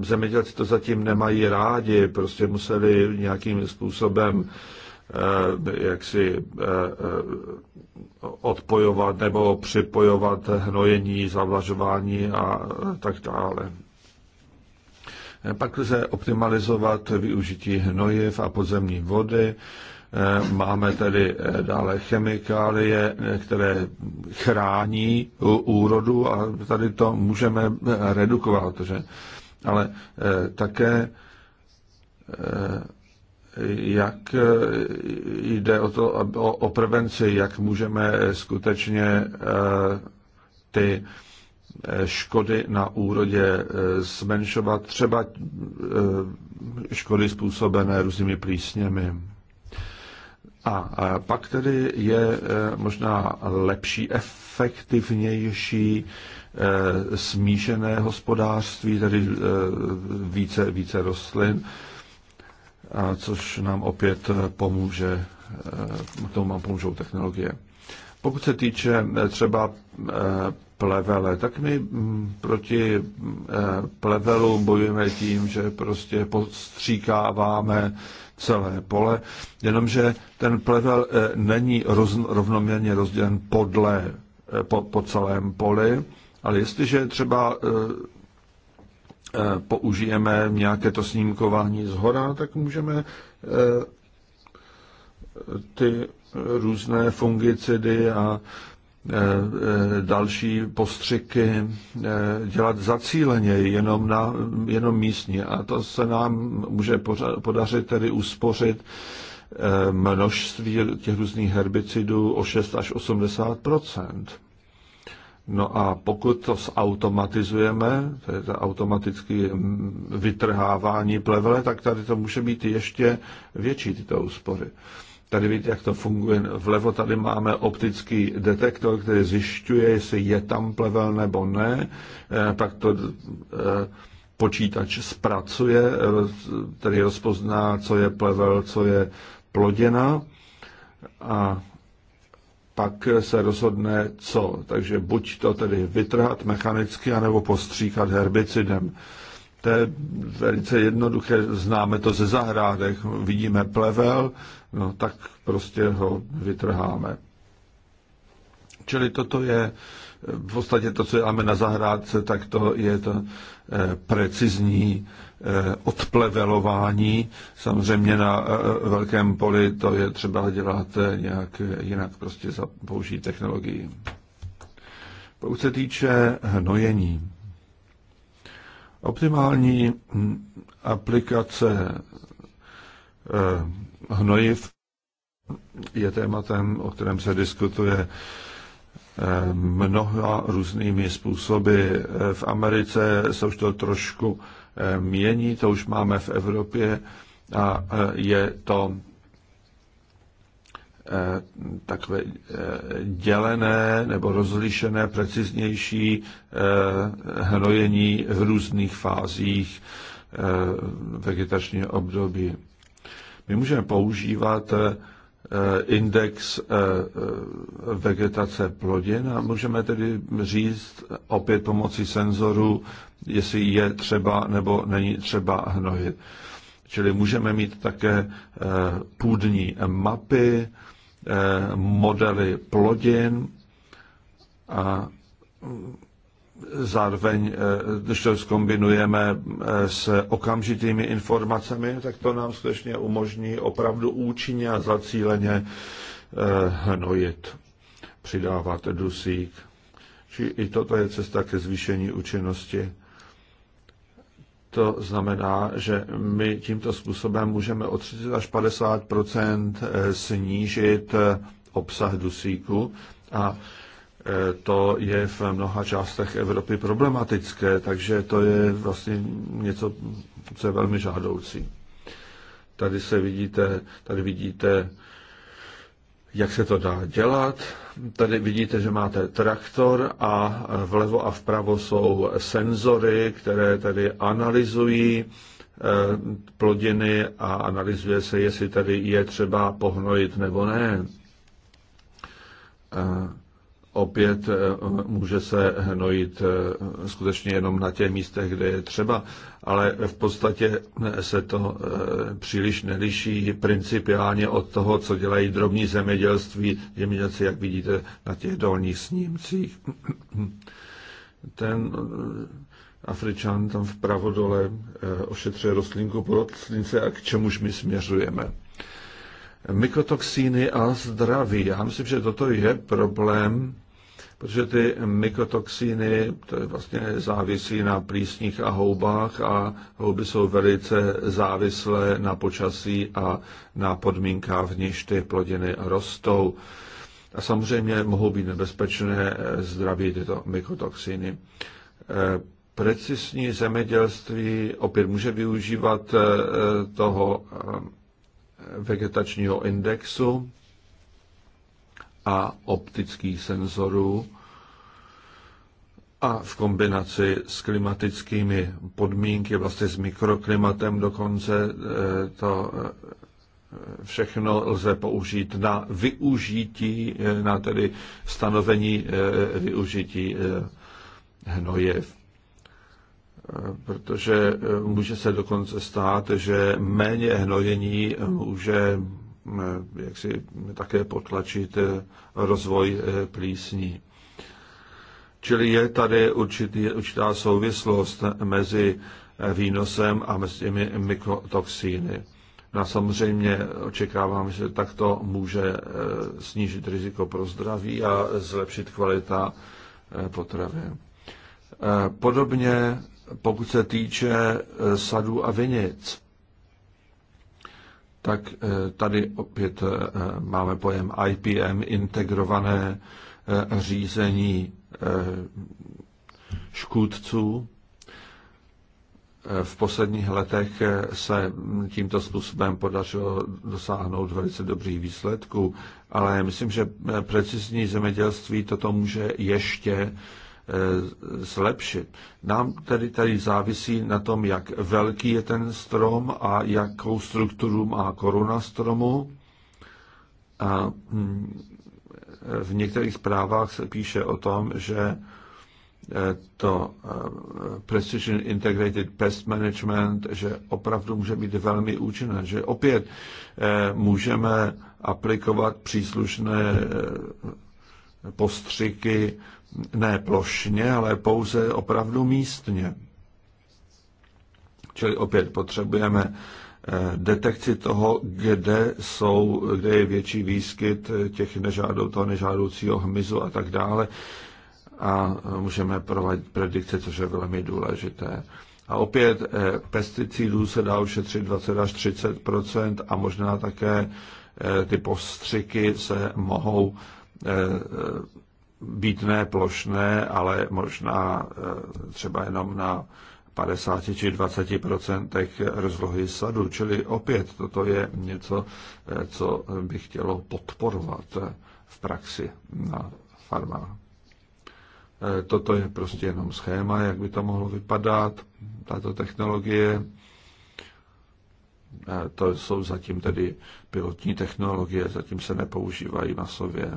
Zemědělci to zatím nemají rádi, prostě museli nějakým způsobem Eh, jaksi eh, eh, odpojovat nebo připojovat hnojení, zavlažování a tak dále. Pak lze optimalizovat využití hnojiv a podzemní vody. Máme tedy dále chemikálie, které chrání úrodu a tady to můžeme redukovat. Že? Ale také jak eh, jde o, to, o, o prevenci, jak můžeme skutečně eh, ty eh, škody na úrodě zmenšovat, třeba škody způsobené různými plísněmi. A pak tedy je možná lepší, efektivnější smíšené hospodářství, tedy více, více rostlin a což nám opět eh, pomůže, eh, k tomu nám pomůžou technologie. Pokud se týče eh, třeba plevele, tak my mm, proti plevelu bojujeme tím, že prostě postříkáváme celé pole, jenomže ten plevel není roz, rovnoměrně rozdělen podle, po, po celém poli, ale jestliže třeba Eh, použijeme nějaké to snímkování z hora, tak můžeme eh, ty různé fungicidy a eh, další postřiky dělat zacíleně jenom, na, jenom místně. A to se nám může podařit tedy uspořit množství těch různých herbicidů o 6 až 80 No a pokud to zautomatizujeme, to je to automatické mm, vytrhávání plevele, tak tady to může být ještě větší tyto úspory. Tady víte, jak to funguje. Vlevo tady máme optický detektor, který zjišťuje, jestli je tam plevel nebo ne. Eh, pak to eh, počítač zpracuje, tedy rozpozná, co je plevel, co je ploděna. A pak se rozhodne co. Takže buď to tedy vytrhat mechanicky, anebo postříkat herbicidem. To je velice jednoduché, známe to ze zahrádek. Vidíme plevel, no tak prostě ho vytrháme. Čili toto je v podstatě to, co děláme na zahrádce, tak to je to eh, precizní Eh, odplevelování. Samozřejmě na eh, velkém poli to je třeba dělat eh, nějak jinak, prostě za použít technologii. Pokud se týče hnojení, optimální hm, aplikace hnojiv je tématem, o kterém se diskutuje mnoha různými způsoby. V Americe se už to trošku mění, to už máme v Evropě a e, je to e, takové e, dělené nebo rozlišené, preciznější hnojení v různých fázích vegetačního období. My můžeme používat Eh, index eh, vegetace plodin a můžeme tedy říct opět pomocí senzorů, jestli je třeba nebo není třeba hnojit. Čili můžeme mít také eh, půdní mapy, modely plodin a zároveň, eh, když to zkombinujeme eh, s okamžitými informacemi, tak to nám skutečně umožní opravdu účinně a zacíleně eh, hnojit, přidávat dusík. Či i toto je cesta ke zvýšení účinnosti. To znamená, že my tímto způsobem můžeme o 30 až 50 snížit obsah dusíku a to je v mnoha částech Evropy problematické, takže to je vlastně něco, co je velmi žádoucí. Tady se vidíte, tady vidíte, jak se to dá dělat. Tady vidíte, že máte traktor a vlevo a vpravo jsou senzory, které tady analyzují eh, plodiny a analyzuje se, jestli tady je třeba pohnojit nebo ne eh, opět eh, může se hnojit eh, skutečně jenom na těch místech, kde je třeba, ale v podstatě eh, se to příliš neliší principiálně od toho, co dělají drobní zemědělství, zemědělci, jak vidíte na těch dolních snímcích. Ten Afričan tam vpravo dole ošetřuje rostlinku po rostlince a k čemuž my směřujeme mykotoxíny a zdraví. Já myslím, že toto je problém, protože ty mykotoxiny, to je vlastně závisí na plísních a houbách a houby jsou velice závislé na počasí a na podmínkách, v níž ty plodiny rostou. A samozřejmě mohou být nebezpečné zdraví tyto mykotoxiny. Precisní zemědělství opět může využívat eh, toho eh, vegetačního indexu, a optických senzorů a v kombinaci s klimatickými podmínky, vlastně s mikroklimatem dokonce, eh, to eh, všechno lze použít na využití, eh, na tedy stanovení využití hnojiv. Protože může se dokonce stát, že méně hnojení může Eh, jak si také potlačit eh, rozvoj eh, plísní. Čili je tady určitý, určitá souvislost mezi výnosem a mezi těmi mykotoxíny. No a samozřejmě očekávám, že takto může snížit riziko pro zdraví a zlepšit kvalita potravy. Podobně pokud se týče sadů a vinic, tak eh, tady opět eh, máme pojem IPM, integrované eh, řízení škůdců. V posledních letech se tímto způsobem podařilo dosáhnout velice dobrých výsledků, ale myslím, že precizní zemědělství toto může ještě Eh, zlepšit. Nám tedy tady závisí na tom, jak velký je ten strom a jakou strukturu má koruna stromu. A mm, v některých zprávách se píše o tom, že eh, to eh, Precision Integrated Pest Management, že opravdu může být velmi účinné, že opět můžeme aplikovat příslušné postřiky ne plošně, ale pouze opravdu místně. Čili opět potřebujeme eh, detekci toho, kde, jsou, kde je větší výskyt těch nežádou, toho nežádoucího hmyzu a tak dále. A můžeme provádět predikce, což je velmi důležité. A opět eh, pesticidů se dá ušetřit 20 až 30 a možná také eh, ty postřiky se mohou být ne plošné, ale možná eh, třeba jenom na 50 či 20 procentech rozlohy sadu. Čili opět toto je něco, eh, co by chtělo podporovat eh, v praxi na farmách. Toto je prostě jenom schéma, jak by to mohlo vypadat, tato technologie. To jsou zatím tedy pilotní technologie, zatím se nepoužívají masově.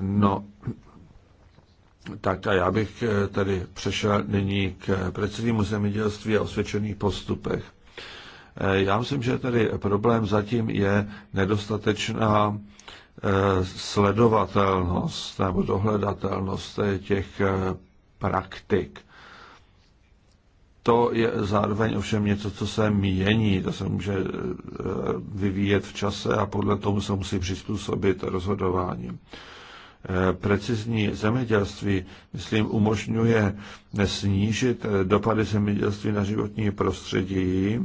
No, tak a já bych eh, tady přešel nyní k preciznímu zemědělství a osvědčených postupech. Eh, já myslím, že tady problém zatím je nedostatečná eh, sledovatelnost nebo dohledatelnost těch praktik. To je zároveň ovšem něco, co se mění, to se může vyvíjet v čase a podle tomu se musí přizpůsobit rozhodování. Eh, precizní zemědělství, myslím, umožňuje snížit eh, dopady zemědělství na životní prostředí,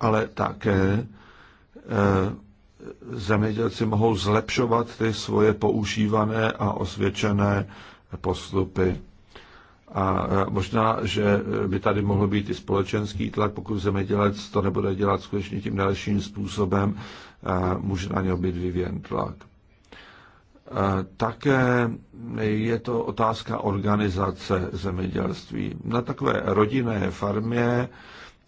ale také eh, zemědělci mohou zlepšovat ty svoje používané a osvědčené postupy. A možná, že by tady mohl být i společenský tlak, pokud zemědělec to nebude dělat skutečně tím dalším způsobem, může na něj být vyvíjen tlak. E, také je to otázka organizace zemědělství. Na takové rodinné farmě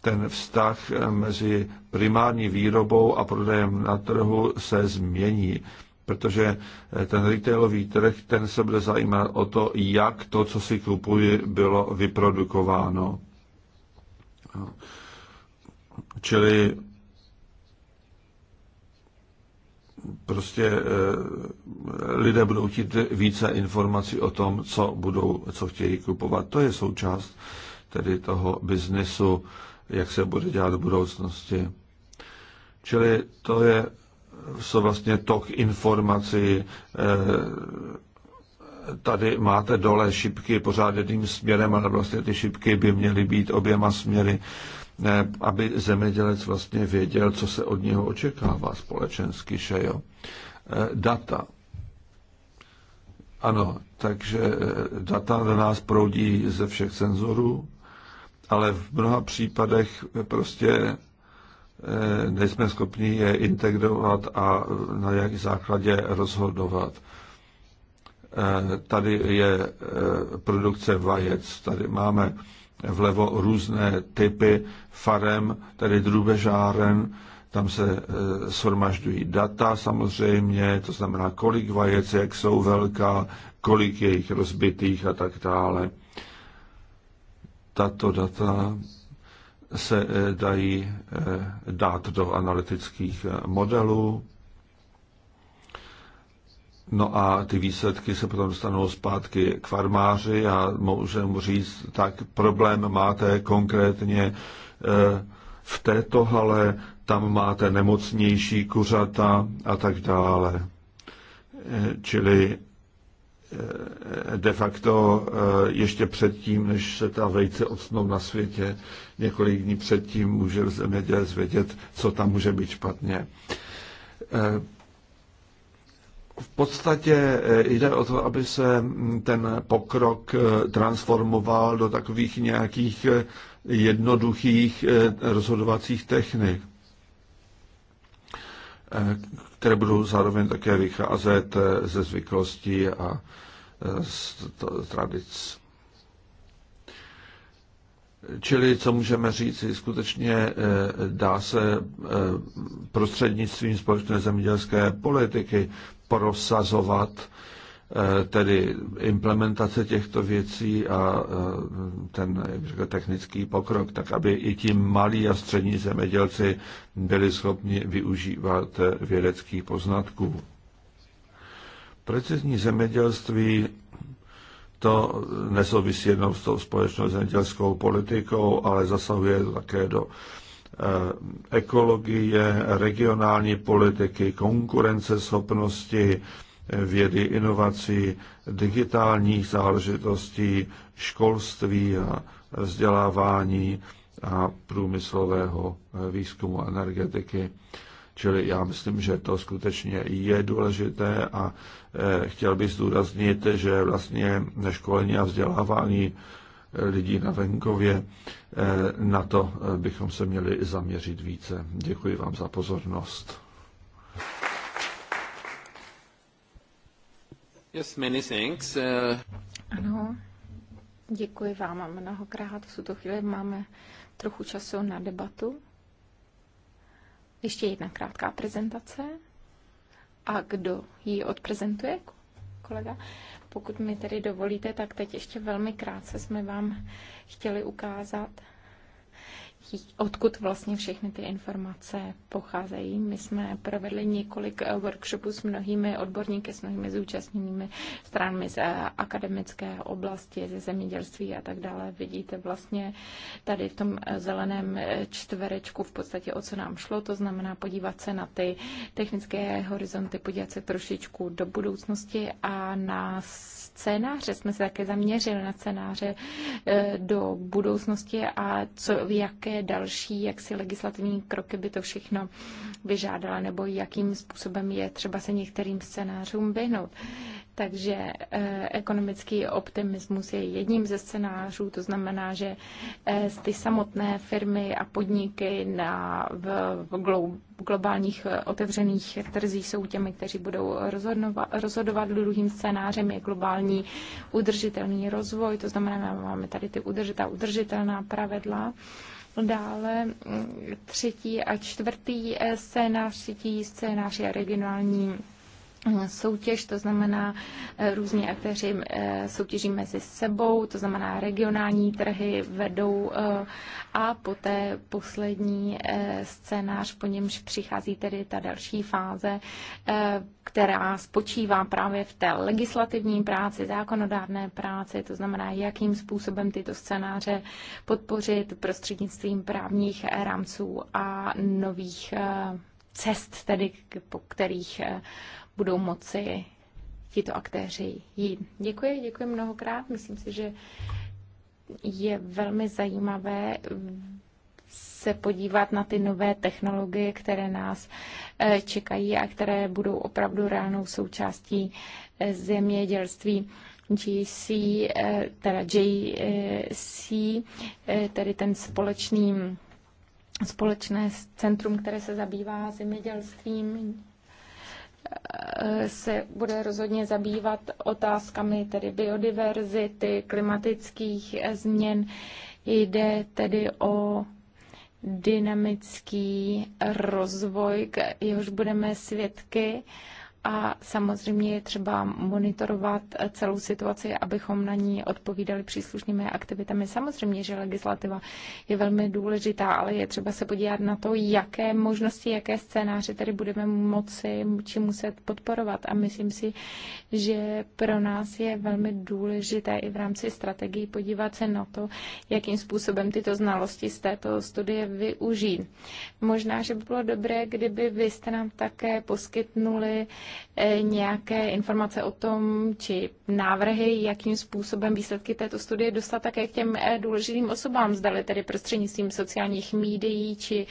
ten vztah mezi primární výrobou a prodejem na trhu se změní, protože ten retailový trh, ten se bude zajímat o to, jak to, co si kupuji, bylo vyprodukováno. Čili prostě eh, lidé budou chtít více informací o tom, co budou, co chtějí kupovat. To je součást tedy toho biznesu, jak se bude dělat v budoucnosti. Čili to je jsou vlastně tok informací. Eh, tady máte dole šipky pořád jedným směrem, ale vlastně ty šipky by měly být oběma směry aby zemědělec vlastně věděl, co se od něho očekává společensky, že jo. Eh, data. Ano, takže eh, data na nás proudí ze všech senzorů, ale v mnoha případech eh, prostě nejsme schopni je integrovat a na jejich základě rozhodovat. Eh, tady je eh, produkce vajec, tady máme vlevo různé typy farem, Tady drubežáren, tam se eh, shromažďují data samozřejmě, to znamená kolik vajec, jak jsou velká, kolik je jich rozbitých a tak dále. Tato data se dají dát do analytických modelů No a ty výsledky se potom dostanou zpátky k farmáři a můžeme říct, tak problém máte konkrétně eh, v této hale, tam máte nemocnější kuřata a tak dále. Eh, čili eh, de facto ještě předtím, než se ta vejce odsnou na světě, několik dní předtím může zemědělec vědět, co tam může být špatně v podstatě eh, jde o to, aby se mm, ten pokrok eh, transformoval do takových nějakých eh, jednoduchých rozhodovacích technik, které budou zároveň také vycházet ze zvyklostí a z tradic. Čili, co můžeme říct, skutečně eh, dá se eh, prostřednictvím společné zemědělské politiky prosazovat eh, tedy implementace těchto věcí a ten jak říkám technický pokrok, tak aby i ti malí a střední zemědělci byli schopni využívat vědeckých poznatků. Precizní zemědělství to nesouvisí jenom s tou společnou zemědělskou politikou, ale zasahuje také do eh, ekologie, regionální politiky, konkurenceschopnosti, vědy, inovací, digitálních záležitostí, školství a vzdělávání a průmyslového eh, výzkumu energetiky. Čili já myslím, že to skutečně je důležité a eh, chtěl bych zdůraznit, že vlastně školení a vzdělávání lidí na venkově, eh, na to eh, bychom se měli zaměřit více. Děkuji vám za pozornost. Yes, many thanks. Ano, děkuji vám mnohokrát. V tuto chvíli máme trochu času na debatu. Ještě jedna krátká prezentace. A kdo ji odprezentuje? Kolega, pokud mi tedy dovolíte, tak teď ještě velmi krátce jsme vám chtěli ukázat odkud vlastně všechny ty informace pocházejí. My jsme provedli několik eh, workshopů s mnohými odborníky, s mnohými zúčastněnými stranami z eh, akademické oblasti, ze zemědělství a tak dále. Vidíte vlastně tady v tom eh, zeleném čtverečku v podstatě o co nám šlo, to znamená podívat se na ty technické horizonty, podívat se trošičku do budoucnosti a na scénáře, jsme se také zaměřili na scénáře eh, do budoucnosti a co, jaké další, jak si legislativní kroky by to všechno vyžádala, nebo jakým způsobem je třeba se některým scénářům vyhnout. Takže eh, ekonomický optimismus je jedním ze scénářů, to znamená, že eh, ty samotné firmy a podniky na, v, v globálních eh, otevřených trzích jsou těmi, kteří budou rozhodovat. Druhým scénářem je globální udržitelný rozvoj, to znamená, máme tady ty udržitá, udržitelná pravidla. Dále mm, třetí a čtvrtý scénář, třetí scénář je regionální Eh, soutěž, to znamená eh, různí aktéři eh, soutěží mezi sebou, to znamená regionální trhy vedou a poté poslední scénář, po němž přichází tedy ta další fáze, která spočívá právě v té legislativní práci, zákonodárné práci, to znamená, jakým způsobem tyto scénáře podpořit prostřednictvím právních rámců a nových cest, tedy po kterých budou moci tito aktéři jít. Děkuji, děkuji mnohokrát. Myslím si, že je velmi zajímavé se podívat na ty nové technologie, které nás eh, čekají a které budou opravdu reálnou součástí eh, zemědělství. GC, eh, teda JC, tedy ten společný společné centrum, které se zabývá zemědělstvím, Eh, se bude rozhodně zabývat otázkami tedy biodiverzity, klimatických eh, změn. Jde tedy o dynamický eh, rozvoj, jehož budeme svědky a samozřejmě je třeba monitorovat celou situaci, abychom na ní odpovídali příslušnými aktivitami. Samozřejmě, že legislativa je velmi důležitá, ale je třeba se podívat na to, jaké možnosti, jaké scénáře tady budeme moci či muset podporovat. A myslím si, že pro nás je velmi důležité i v rámci strategií podívat se na to, jakým způsobem tyto znalosti z této studie využít. Možná, že by bylo dobré, kdyby vy jste nám také poskytnuli Eh, nějaké informace o tom, či návrhy, jakým způsobem výsledky této studie dostat také k těm eh, důležitým osobám, zdali tedy prostřednictvím sociálních médií, či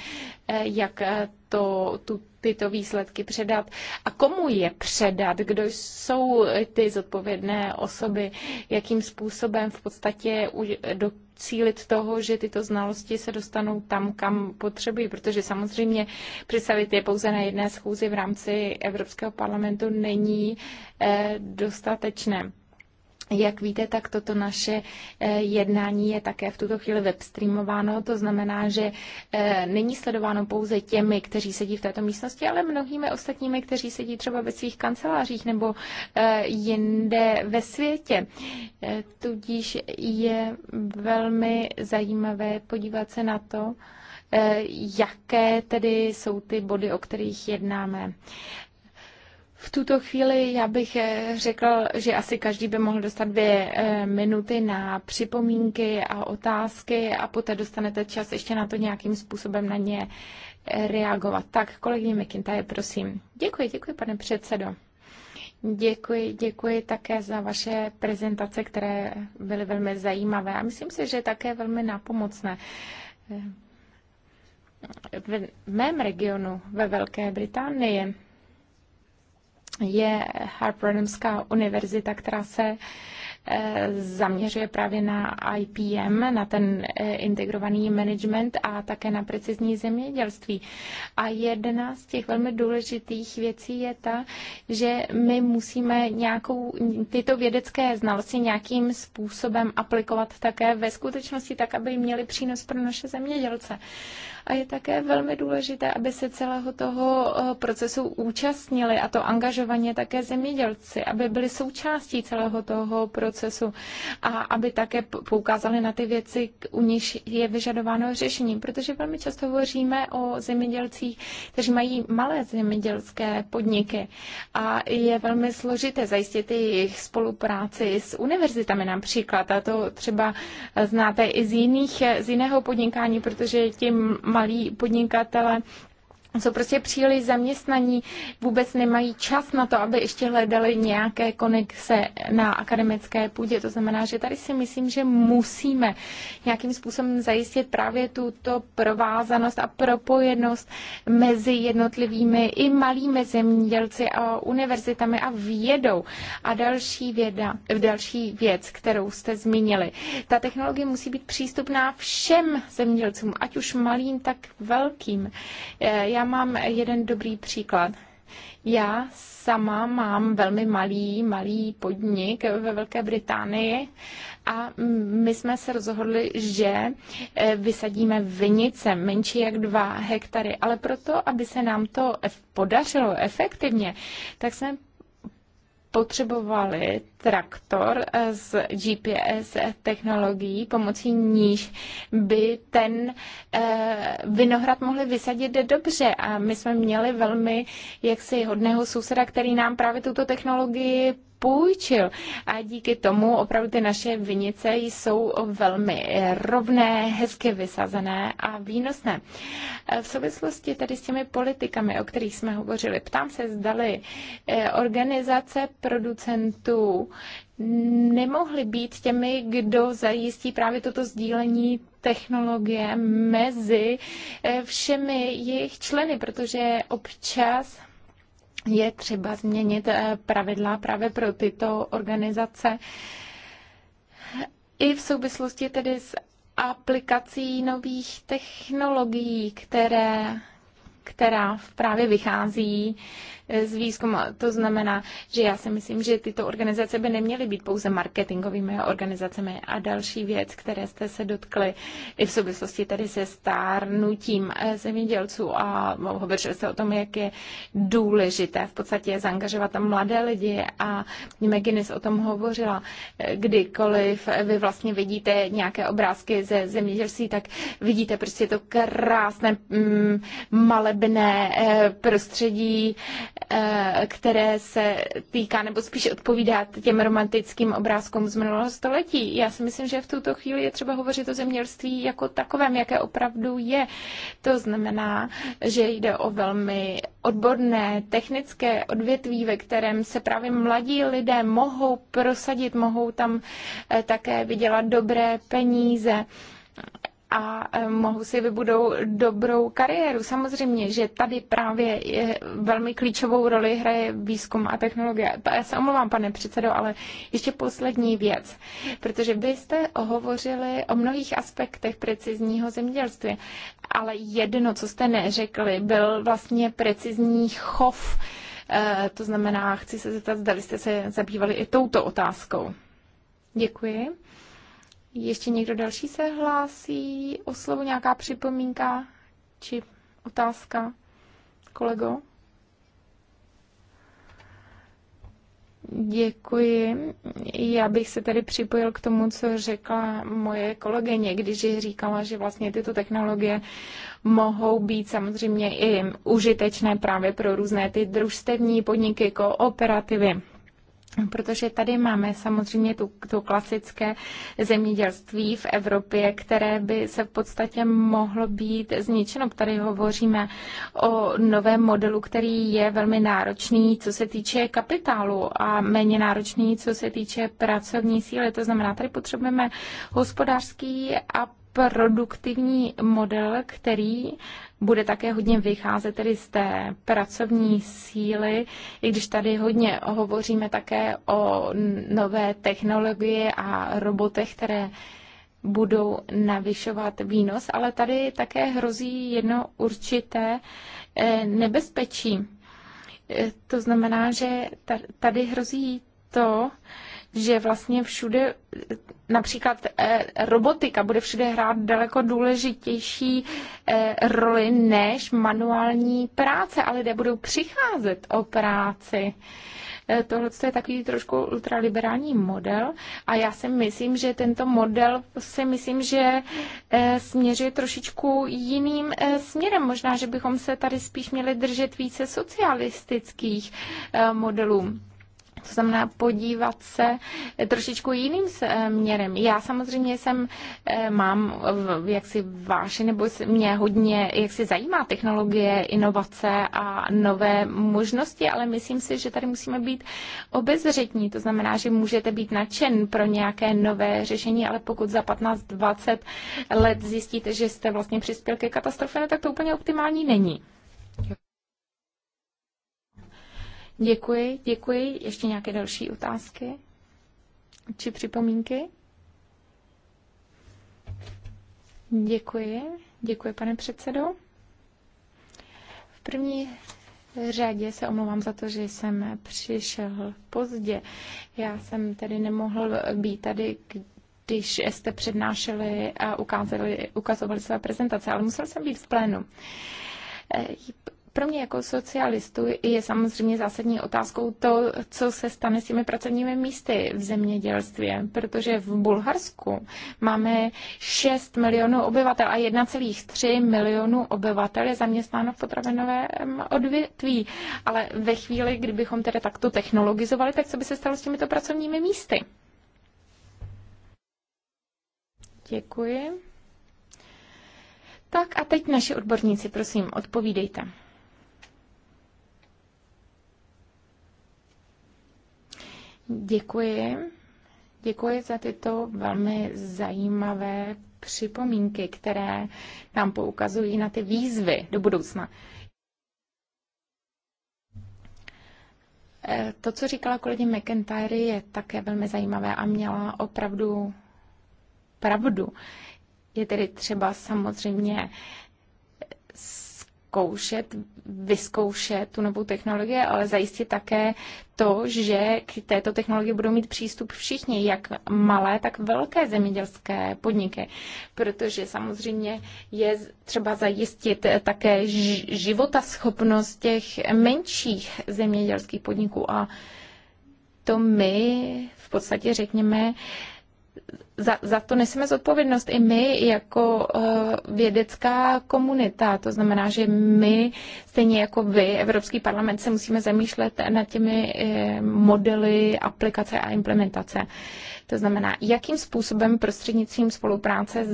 eh, jak to, tu, tyto výsledky předat a komu je předat, kdo jsou ty zodpovědné osoby, jakým způsobem v podstatě do cílit toho, že tyto znalosti se dostanou tam, kam potřebují, protože samozřejmě představit je pouze na jedné schůzi v rámci Evropského parlamentu není eh, dostatečné. Jak víte, tak toto naše eh, jednání je také v tuto chvíli webstreamováno, to znamená, že eh, není sledováno pouze těmi, kteří sedí v této místnosti, ale mnohými ostatními, kteří sedí třeba ve svých kancelářích nebo eh, jinde ve světě. Tudíž je velmi zajímavé podívat se na to, jaké tedy jsou ty body, o kterých jednáme. V tuto chvíli já bych eh, řekl, že asi každý by mohl dostat dvě eh, minuty na připomínky a otázky a poté dostanete čas ještě na to nějakým způsobem na ně eh, reagovat. Tak, kolegyně je prosím. Děkuji, děkuji, pane předsedo. Děkuji, děkuji také za vaše prezentace, které byly velmi zajímavé a myslím si, že také velmi napomocné. V mém regionu ve Velké Británii je Harvardovská univerzita, která se eh, zaměřuje právě na IPM, na ten eh, integrovaný management a také na precizní zemědělství. A jedna z těch velmi důležitých věcí je ta, že my musíme nějakou, tyto vědecké znalosti nějakým způsobem aplikovat také ve skutečnosti, tak aby měly přínos pro naše zemědělce. A je také velmi důležité, aby se celého toho eh, procesu účastnili a to angažovaně také zemědělci, aby byli součástí celého toho procesu a aby také poukázali na ty věci, u nich je vyžadováno řešení, protože velmi často hovoříme o zemědělcích, kteří mají malé zemědělské podniky a je velmi složité zajistit jejich spolupráci s univerzitami například. A to třeba znáte i z, jiných, z jiného podnikání, protože ti malí podnikatele jsou prostě příliš zaměstnaní, vůbec nemají čas na to, aby ještě hledali nějaké konexe na akademické půdě. To znamená, že tady si myslím, že musíme nějakým způsobem zajistit právě tuto provázanost a propojenost mezi jednotlivými i malými zemědělci a univerzitami a vědou. A další, věda, další věc, kterou jste zmínili. Ta technologie musí být přístupná všem zemědělcům, ať už malým, tak velkým. Eh, já mám jeden dobrý příklad. Já sama mám velmi malý, malý podnik ve Velké Británii a my jsme se rozhodli, že eh, vysadíme vinice menší jak dva hektary, ale proto, aby se nám to podařilo efektivně, tak jsme potřebovali traktor eh, s GPS technologií, pomocí níž by ten eh, vinohrad mohli vysadit dobře. A my jsme měli velmi jaksi hodného souseda, který nám právě tuto technologii půjčil. A díky tomu opravdu ty naše vinice jsou velmi rovné, hezky vysazené a výnosné. E, v souvislosti tedy s těmi politikami, o kterých jsme hovořili, ptám se, zdali e, organizace producentů nemohly být těmi, kdo zajistí právě toto sdílení technologie mezi e, všemi jejich členy, protože občas je třeba změnit eh, pravidla právě pro tyto organizace. I v souvislosti tedy s aplikací nových technologií, které, která právě vychází z výzkumu. To znamená, že já si myslím, že tyto organizace by neměly být pouze marketingovými organizacemi. A další věc, které jste se dotkli i v souvislosti tady se stárnutím eh, zemědělců a hovořili jste o tom, jak je důležité v podstatě zaangažovat tam mladé lidi a McGuinness o tom hovořila. Eh, kdykoliv vy vlastně vidíte nějaké obrázky ze zemědělství, tak vidíte prostě to krásné mm, malebné eh, prostředí, Eh, které se týká, nebo spíš odpovídá těm romantickým obrázkům z minulého století. Já si myslím, že v tuto chvíli je třeba hovořit o zemědělství jako takovém, jaké opravdu je. To znamená, že jde o velmi odborné, technické odvětví, ve kterém se právě mladí lidé mohou prosadit, mohou tam eh, také vydělat dobré peníze a e, mohou si vybudou dobrou kariéru. Samozřejmě, že tady právě je velmi klíčovou roli hraje výzkum a technologie. Já se omlouvám, pane předsedo, ale ještě poslední věc, protože vy jste hovořili o mnohých aspektech precizního zemědělství, ale jedno, co jste neřekli, byl vlastně precizní chov. E, to znamená, chci se zeptat, zda jste se zabývali i touto otázkou. Děkuji. Ještě někdo další se hlásí o slovo, nějaká připomínka či otázka, kolego? Děkuji. Já bych se tady připojil k tomu, co řekla moje kolegyně, když říkala, že vlastně tyto technologie mohou být samozřejmě i užitečné právě pro různé ty družstevní podniky, kooperativy. Protože tady máme samozřejmě tu, tu klasické zemědělství v Evropě, které by se v podstatě mohlo být zničeno. Tady hovoříme o novém modelu, který je velmi náročný, co se týče kapitálu a méně náročný, co se týče pracovní síly. To znamená, tady potřebujeme hospodářský a produktivní model, který bude také hodně vycházet tedy z té pracovní síly, i když tady hodně hovoříme také o nové technologie a robotech, které budou navyšovat výnos, ale tady také hrozí jedno určité eh, nebezpečí. Eh, to znamená, že tady hrozí to, že vlastně všude, například eh, robotika bude všude hrát daleko důležitější eh, roli než manuální práce a lidé budou přicházet o práci eh, tohle je takový trošku ultraliberální model a já si myslím, že tento model si myslím, že směřuje trošičku jiným směrem. Možná, že bychom se tady spíš měli držet více socialistických modelů. To znamená podívat se trošičku jiným směrem. Eh, Já samozřejmě jsem, eh, mám jaksi váši, nebo mě hodně, jaksi zajímá technologie, inovace a nové možnosti, ale myslím si, že tady musíme být obezřetní. To znamená, že můžete být nadšen pro nějaké nové řešení, ale pokud za 15-20 let zjistíte, že jste vlastně přispěl ke katastrofě, no, tak to úplně optimální není. Děkuji, děkuji. Ještě nějaké další otázky či připomínky? Děkuji, děkuji, pane předsedo. V první řadě se omlouvám za to, že jsem přišel pozdě. Já jsem tedy nemohl být tady, když jste přednášeli a ukázali, ukazovali své prezentace, ale musel jsem být v plénu pro mě jako socialistu je samozřejmě zásadní otázkou to, co se stane s těmi pracovními místy v zemědělství, protože v Bulharsku máme 6 milionů obyvatel a 1,3 milionů obyvatel je zaměstnáno v potravinovém odvětví. Ale ve chvíli, kdybychom tedy takto technologizovali, tak co by se stalo s těmito pracovními místy? Děkuji. Tak a teď naši odborníci, prosím, odpovídejte. Děkuji. Děkuji za tyto velmi zajímavé připomínky, které nám poukazují na ty výzvy do budoucna. Eh, to, co říkala kolegy McIntyre, je také velmi zajímavé a měla opravdu pravdu. Je tedy třeba samozřejmě zkoušet, vyzkoušet tu novou technologii, ale zajistit také to, že k této technologii budou mít přístup všichni, jak malé, tak velké zemědělské podniky. Protože samozřejmě je třeba zajistit také životaschopnost těch menších zemědělských podniků a to my v podstatě řekněme za, za to neseme zodpovědnost i my jako uh, vědecká komunita. To znamená, že my, stejně jako vy, Evropský parlament, se musíme zamýšlet nad těmi uh, modely aplikace a implementace. To znamená, jakým způsobem prostřednictvím spolupráce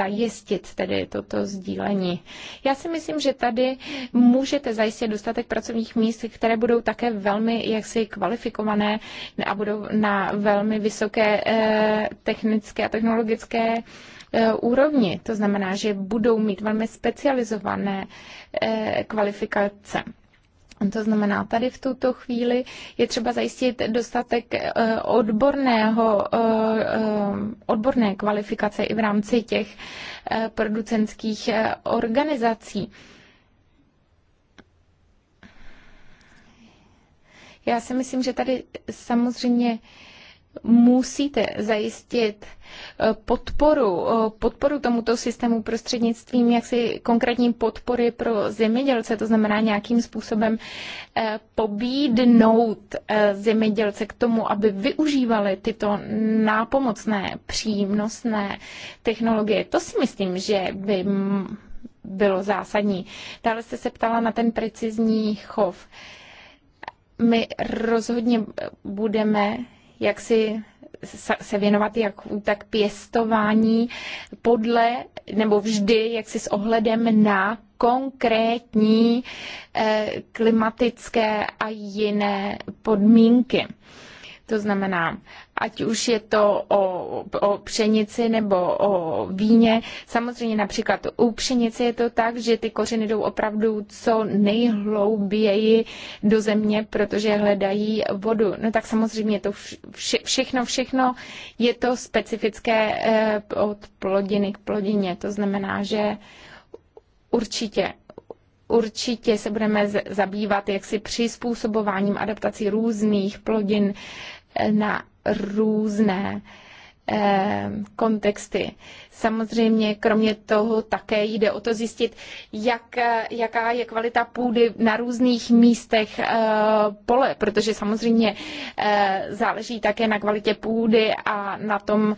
zajistit tedy toto sdílení. Já si myslím, že tady můžete zajistit dostatek pracovních míst, které budou také velmi jaksi kvalifikované a budou na velmi vysoké eh, technické a technologické eh, úrovni. To znamená, že budou mít velmi specializované eh, kvalifikace. To znamená, tady v tuto chvíli je třeba zajistit dostatek eh, odborného, eh, eh, odborné kvalifikace i v rámci těch producentských organizací. Já si myslím, že tady samozřejmě musíte zajistit eh, podporu, eh, podporu tomuto systému prostřednictvím jaksi konkrétní podpory pro zemědělce, to znamená nějakým způsobem eh, pobídnout zemědělce k tomu, aby využívali tyto nápomocné, přímnostné technologie. To si myslím, že by bylo zásadní. Dále jste se ptala na ten precizní chov. My rozhodně budeme jak si se věnovat jak tak pěstování podle nebo vždy, jak si s ohledem na konkrétní eh, klimatické a jiné podmínky. To znamená, ať už je to o, o pšenici nebo o víně, samozřejmě například u pšenice je to tak, že ty kořeny jdou opravdu co nejhlouběji do země, protože hledají vodu. No tak samozřejmě to vše, všechno, všechno je to specifické eh, od plodiny k plodině. To znamená, že určitě určitě se budeme zabývat jaksi přizpůsobováním adaptací různých plodin na různé eh, kontexty. Samozřejmě kromě toho také jde o to zjistit, jak, jaká je kvalita půdy na různých místech eh, pole, protože samozřejmě eh, záleží také na kvalitě půdy a na tom,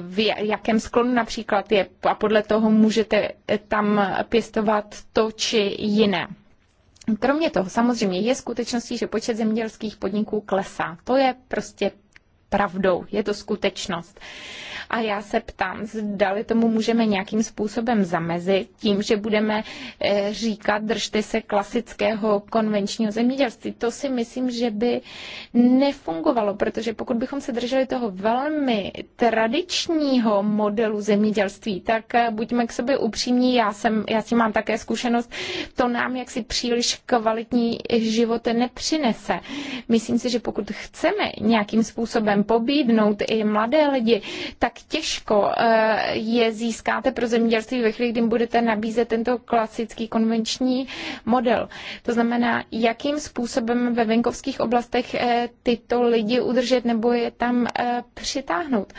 v jakém sklonu například je a podle toho můžete tam pěstovat to či jiné. Kromě toho samozřejmě je skutečností, že počet zemědělských podniků klesá. To je prostě pravdou, je to skutečnost. A já se ptám, zdali tomu můžeme nějakým způsobem zamezit tím, že budeme eh, říkat, držte se klasického konvenčního zemědělství. To si myslím, že by nefungovalo, protože pokud bychom se drželi toho velmi tradičního modelu zemědělství, tak eh, buďme k sobě upřímní, já, jsem, já si mám také zkušenost, to nám jaksi příliš kvalitní život nepřinese. Myslím si, že pokud chceme nějakým způsobem pobídnout i mladé lidi, tak jak těžko eh, je získáte pro zemědělství ve chvíli, kdy budete nabízet tento klasický konvenční model. To znamená, jakým způsobem ve venkovských oblastech eh, tyto lidi udržet nebo je tam eh, přitáhnout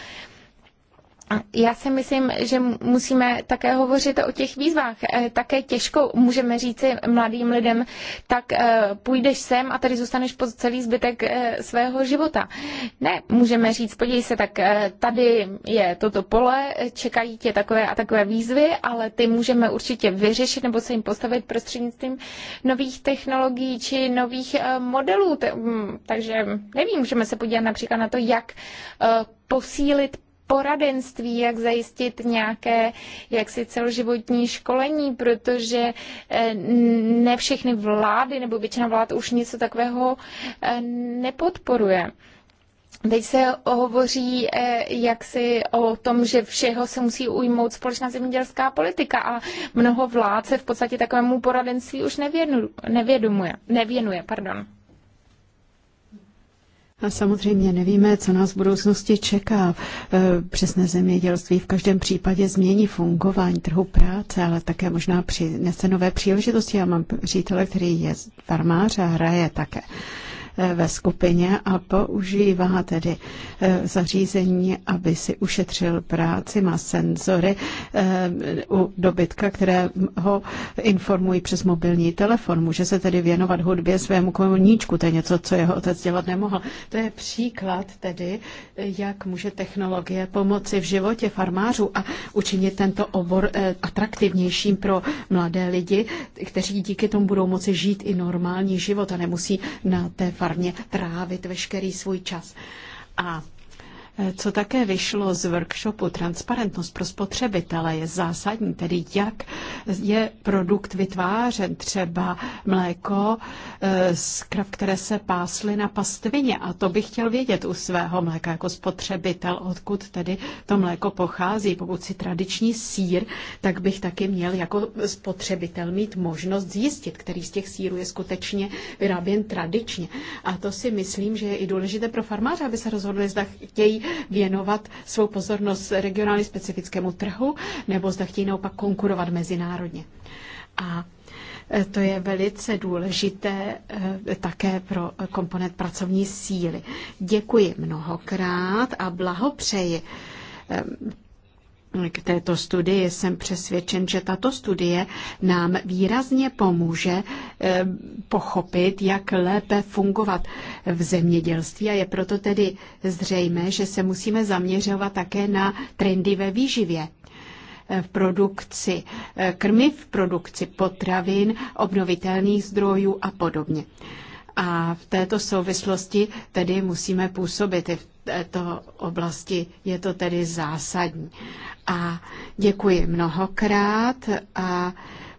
já si myslím, že musíme také hovořit o těch výzvách. Eh, také těžko můžeme říci mladým lidem, tak eh, půjdeš sem a tady zůstaneš po celý zbytek eh, svého života. Ne, můžeme říct, podívej se, tak tady je toto pole, čekají tě takové a takové výzvy, ale ty můžeme určitě vyřešit nebo se jim postavit prostřednictvím nových technologií či nových modelů. Takže nevím, můžeme se podívat například na to, jak posílit poradenství, jak zajistit nějaké jaksi celoživotní školení, protože eh, ne všechny vlády nebo většina vlád už něco takového eh, nepodporuje. Teď se hovoří eh, jaksi o tom, že všeho se musí ujmout společná zemědělská politika a mnoho vlád se v podstatě takovému poradenství už nevědomuje, nevěnuje. Pardon. A samozřejmě nevíme, co nás v budoucnosti čeká. E, přesné zemědělství v každém případě změní fungování trhu práce, ale také možná přinese nové příležitosti. Já mám přítele, který je farmář a hraje také ve skupině a používá tedy eh, zařízení, aby si ušetřil práci, má senzory eh, u dobytka, které ho informují přes mobilní telefon. Může se tedy věnovat hudbě svému koníčku, to je něco, co jeho otec dělat nemohl. To je příklad tedy, jak může technologie pomoci v životě farmářů a učinit tento obor eh, atraktivnějším pro mladé lidi, kteří díky tomu budou moci žít i normální život a nemusí na té farmě farmě trávit veškerý svůj čas. A co také vyšlo z workshopu Transparentnost pro spotřebitele je zásadní, tedy jak je produkt vytvářen, třeba mléko eh, z krav, které se pásly na pastvině. A to bych chtěl vědět u svého mléka jako spotřebitel, odkud tedy to mléko pochází. Pokud si tradiční sír, tak bych taky měl jako spotřebitel mít možnost zjistit, který z těch sírů je skutečně vyráběn tradičně. A to si myslím, že je i důležité pro farmáře, aby se rozhodli, zda chtějí věnovat svou pozornost regionálně specifickému trhu, nebo zda chtějí naopak konkurovat mezinárodně. A e, to je velice důležité e, také pro komponent pracovní síly. Děkuji mnohokrát a blahopřeji e, k této studii. Jsem přesvědčen, že tato studie nám výrazně pomůže eh, pochopit, jak lépe fungovat v zemědělství a je proto tedy zřejmé, že se musíme zaměřovat také na trendy ve výživě eh, v produkci eh, krmiv, v produkci potravin, obnovitelných zdrojů a podobně. A v této souvislosti tedy musíme působit i v této oblasti. Je to tedy zásadní. A děkuji mnohokrát. A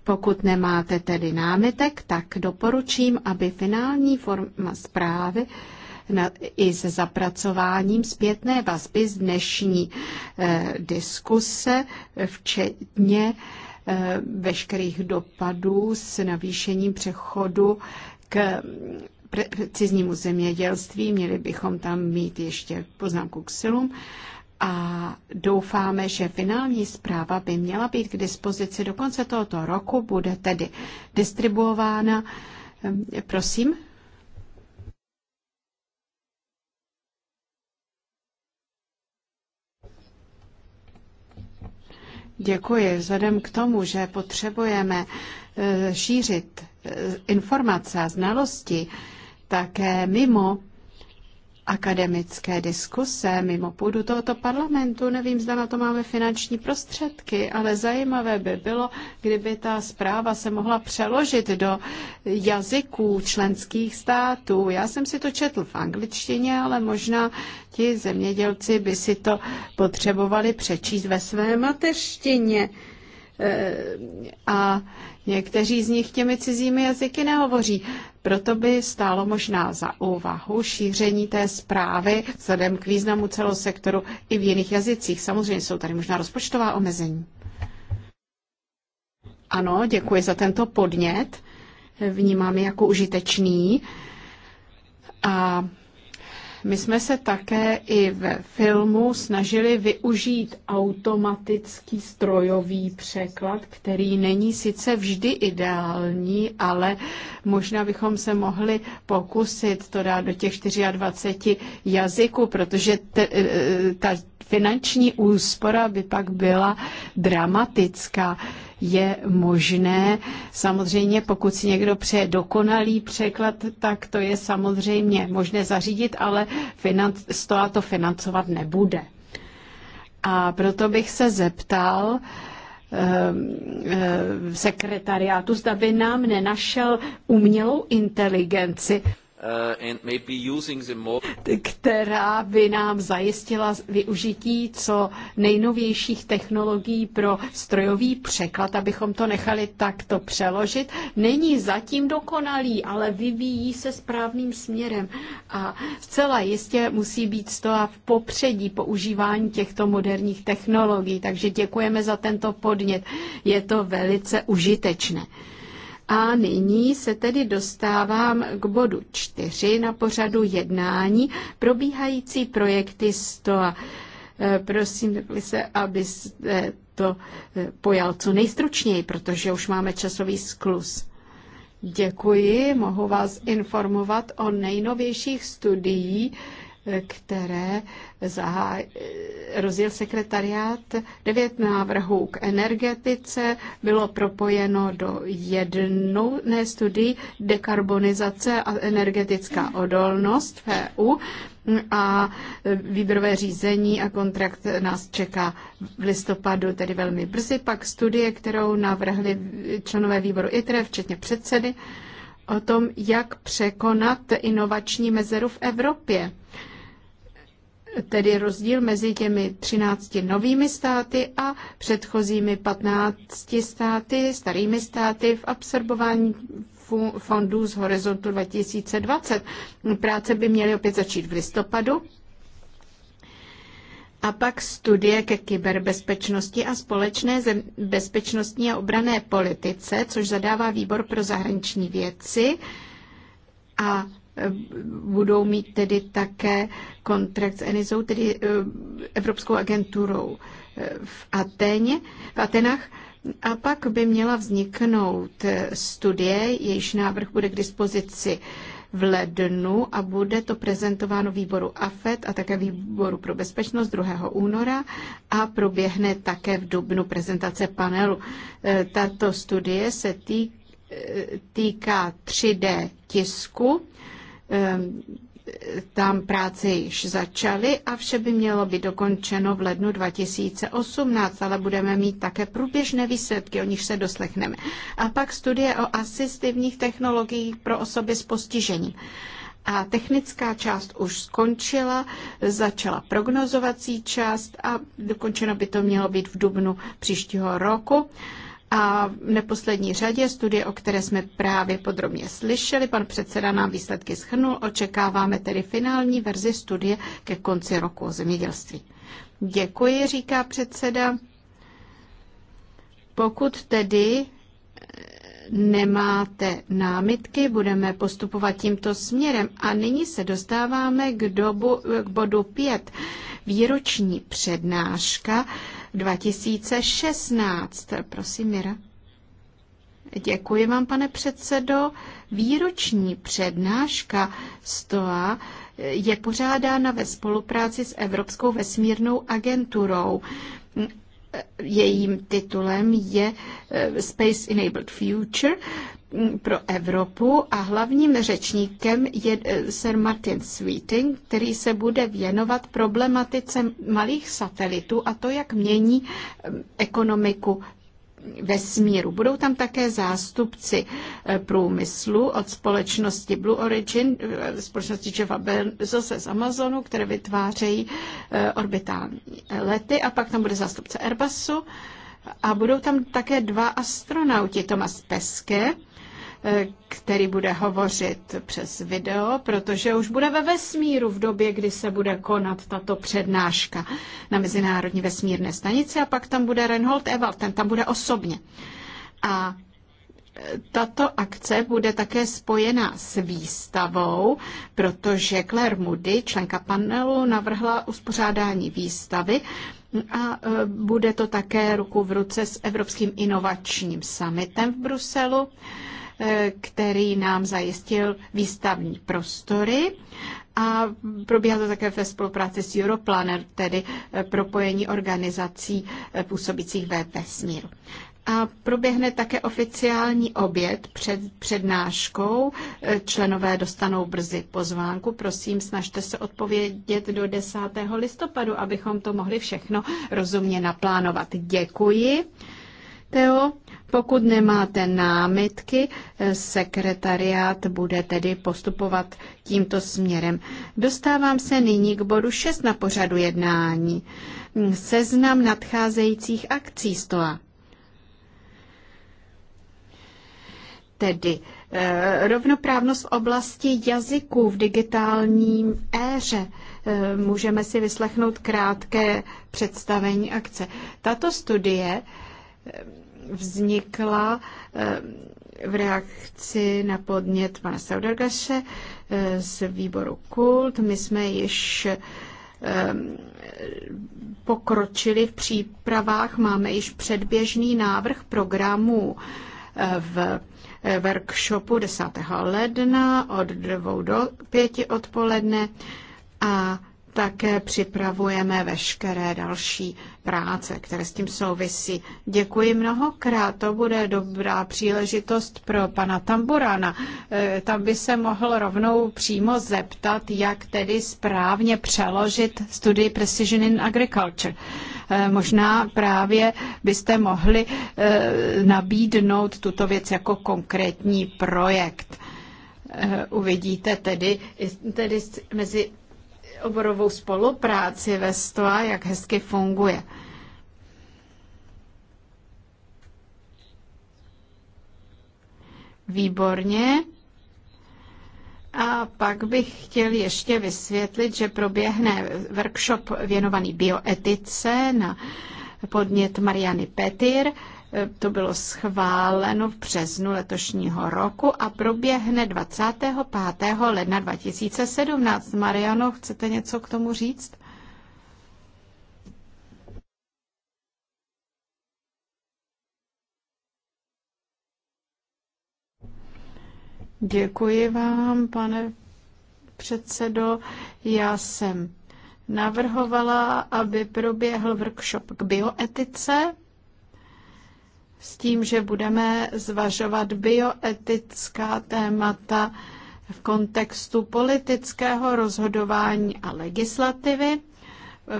pokud nemáte tedy námitek, tak doporučím, aby finální forma zprávy na, i se zapracováním zpětné vazby z dnešní eh, diskuse, včetně eh, veškerých dopadů s navýšením přechodu k preciznímu zemědělství. Měli bychom tam mít ještě poznámku k silům a doufáme, že finální zpráva by měla být k dispozici do konce tohoto roku, bude tedy distribuována. Prosím. Děkuji. Vzhledem k tomu, že potřebujeme eh, šířit Eh, informace a znalosti také mimo akademické diskuse, mimo půdu tohoto parlamentu. Nevím, zda na to máme finanční prostředky, ale zajímavé by bylo, kdyby ta zpráva se mohla přeložit do jazyků členských států. Já jsem si to četl v angličtině, ale možná ti zemědělci by si to potřebovali přečíst ve své mateřštině. Eh, a Někteří z nich těmi cizími jazyky nehovoří. Proto by stálo možná za úvahu šíření té zprávy vzhledem k významu celého sektoru i v jiných jazycích. Samozřejmě jsou tady možná rozpočtová omezení. Ano, děkuji za tento podnět. Vnímám je jako užitečný. A my jsme se také i ve filmu snažili využít automatický strojový překlad, který není sice vždy ideální, ale možná bychom se mohli pokusit to dát do těch 24 jazyků, protože te, e, e, ta finanční úspora by pak byla dramatická je možné. Samozřejmě, pokud si někdo přeje dokonalý překlad, tak to je samozřejmě možné zařídit, ale stoa to financovat nebude. A proto bych se zeptal, ehm, ehm, sekretariátu, zda by nám nenašel umělou inteligenci, Uh, která by nám zajistila využití co nejnovějších technologií pro strojový překlad, abychom to nechali takto přeložit. Není zatím dokonalý, ale vyvíjí se správným směrem a zcela jistě musí být toho v popředí používání těchto moderních technologií. Takže děkujeme za tento podnět. Je to velice užitečné. A nyní se tedy dostávám k bodu čtyři na pořadu jednání probíhající projekty STOA. E, prosím se, abyste to e, pojal co nejstručněji, protože už máme časový sklus. Děkuji, mohu vás informovat o nejnovějších studiích, e, které zahá... Eh, rozjel sekretariát. Devět návrhů k energetice bylo propojeno do jedné studii dekarbonizace a energetická odolnost v EU a eh, výběrové řízení a kontrakt nás čeká v listopadu, tedy velmi brzy. Pak studie, kterou navrhli členové výboru ITRE, včetně předsedy, o tom, jak překonat inovační mezeru v Evropě tedy rozdíl mezi těmi 13 novými státy a předchozími 15 státy, starými státy v absorbování fondů z horizontu 2020. Práce by měly opět začít v listopadu. A pak studie ke kyberbezpečnosti a společné bezpečnostní a obrané politice, což zadává výbor pro zahraniční věci. A budou mít tedy také kontrakt s ENISou, tedy eh, Evropskou agenturou eh, v Ateně, v Atenách. A pak by měla vzniknout eh, studie, jejíž návrh bude k dispozici v lednu a bude to prezentováno výboru AFET a také výboru pro bezpečnost 2. února a proběhne také v dubnu prezentace panelu. Tato studie se týká 3D tisku Ehm, tam práce již začaly a vše by mělo být dokončeno v lednu 2018, ale budeme mít také průběžné výsledky, o nich se doslechneme. A pak studie o asistivních technologiích pro osoby s postižením. A technická část už skončila, začala prognozovací část a dokončeno by to mělo být v dubnu příštího roku. A v neposlední řadě studie, o které jsme právě podrobně slyšeli, pan předseda nám výsledky schrnul, očekáváme tedy finální verzi studie ke konci roku o zemědělství. Děkuji, říká předseda. Pokud tedy eh, nemáte námitky, budeme postupovat tímto směrem. A nyní se dostáváme k, dobu, k bodu 5. Výroční přednáška 2016. Prosím, Mira. Děkuji vám, pane předsedo. Výroční přednáška STOA je pořádána ve spolupráci s Evropskou vesmírnou agenturou jejím titulem je eh, Space Enabled Future mm, pro Evropu a hlavním řečníkem je eh, Sir Martin Sweeting, který se bude věnovat problematice malých satelitů a to, jak mění eh, ekonomiku vesmíru. Budou tam také zástupci eh, průmyslu od společnosti Blue Origin, eh, společnosti Jeffa Bezose z Amazonu, které vytvářejí eh, orbitální lety a pak tam bude zástupce Airbusu a budou tam také dva astronauti, Thomas Peske, Eh, který bude hovořit přes video, protože už bude ve vesmíru v době, kdy se bude konat tato přednáška na Mezinárodní vesmírné stanici a pak tam bude Reinhold Ewald, ten tam bude osobně. A eh, tato akce bude také spojena s výstavou, protože Claire Moody, členka panelu, navrhla uspořádání výstavy a eh, bude to také ruku v ruce s Evropským inovačním summitem v Bruselu Eh, který nám zajistil výstavní prostory a probíhá to také ve spolupráci s Europlaner, tedy eh, propojení organizací eh, působících ve vesmíru a proběhne také oficiální oběd před přednáškou. Členové dostanou brzy pozvánku. Prosím, snažte se odpovědět do 10. listopadu, abychom to mohli všechno rozumně naplánovat. Děkuji. Teo, pokud nemáte námitky, sekretariát bude tedy postupovat tímto směrem. Dostávám se nyní k bodu 6 na pořadu jednání. Seznam nadcházejících akcí stoa. Tedy eh, rovnoprávnost v oblasti jazyků v digitálním éře. Eh, můžeme si vyslechnout krátké představení akce. Tato studie vznikla eh, v reakci na podnět pana Saudargaše eh, z výboru Kult. My jsme již eh, pokročili v přípravách, máme již předběžný návrh programu v workshopu 10. ledna od 2 do 5 odpoledne a také připravujeme veškeré další práce, které s tím souvisí. Děkuji mnohokrát, to bude dobrá příležitost pro pana Tamburana. E, tam by se mohl rovnou přímo zeptat, jak tedy správně přeložit studii Precision in Agriculture. E, možná právě byste mohli e, nabídnout tuto věc jako konkrétní projekt. Uvidíte tedy, tedy mezi oborovou spolupráci ve STOA, jak hezky funguje. Výborně. A pak bych chtěl ještě vysvětlit, že proběhne workshop věnovaný bioetice na podnět Mariany Petir. E, to bylo schváleno v březnu letošního roku a proběhne 25. ledna 2017. Mariano, chcete něco k tomu říct? Děkuji vám, pane předsedo. Já jsem navrhovala, aby proběhl workshop k bioetice s tím, že budeme zvažovat bioetická témata v kontextu politického rozhodování a legislativy.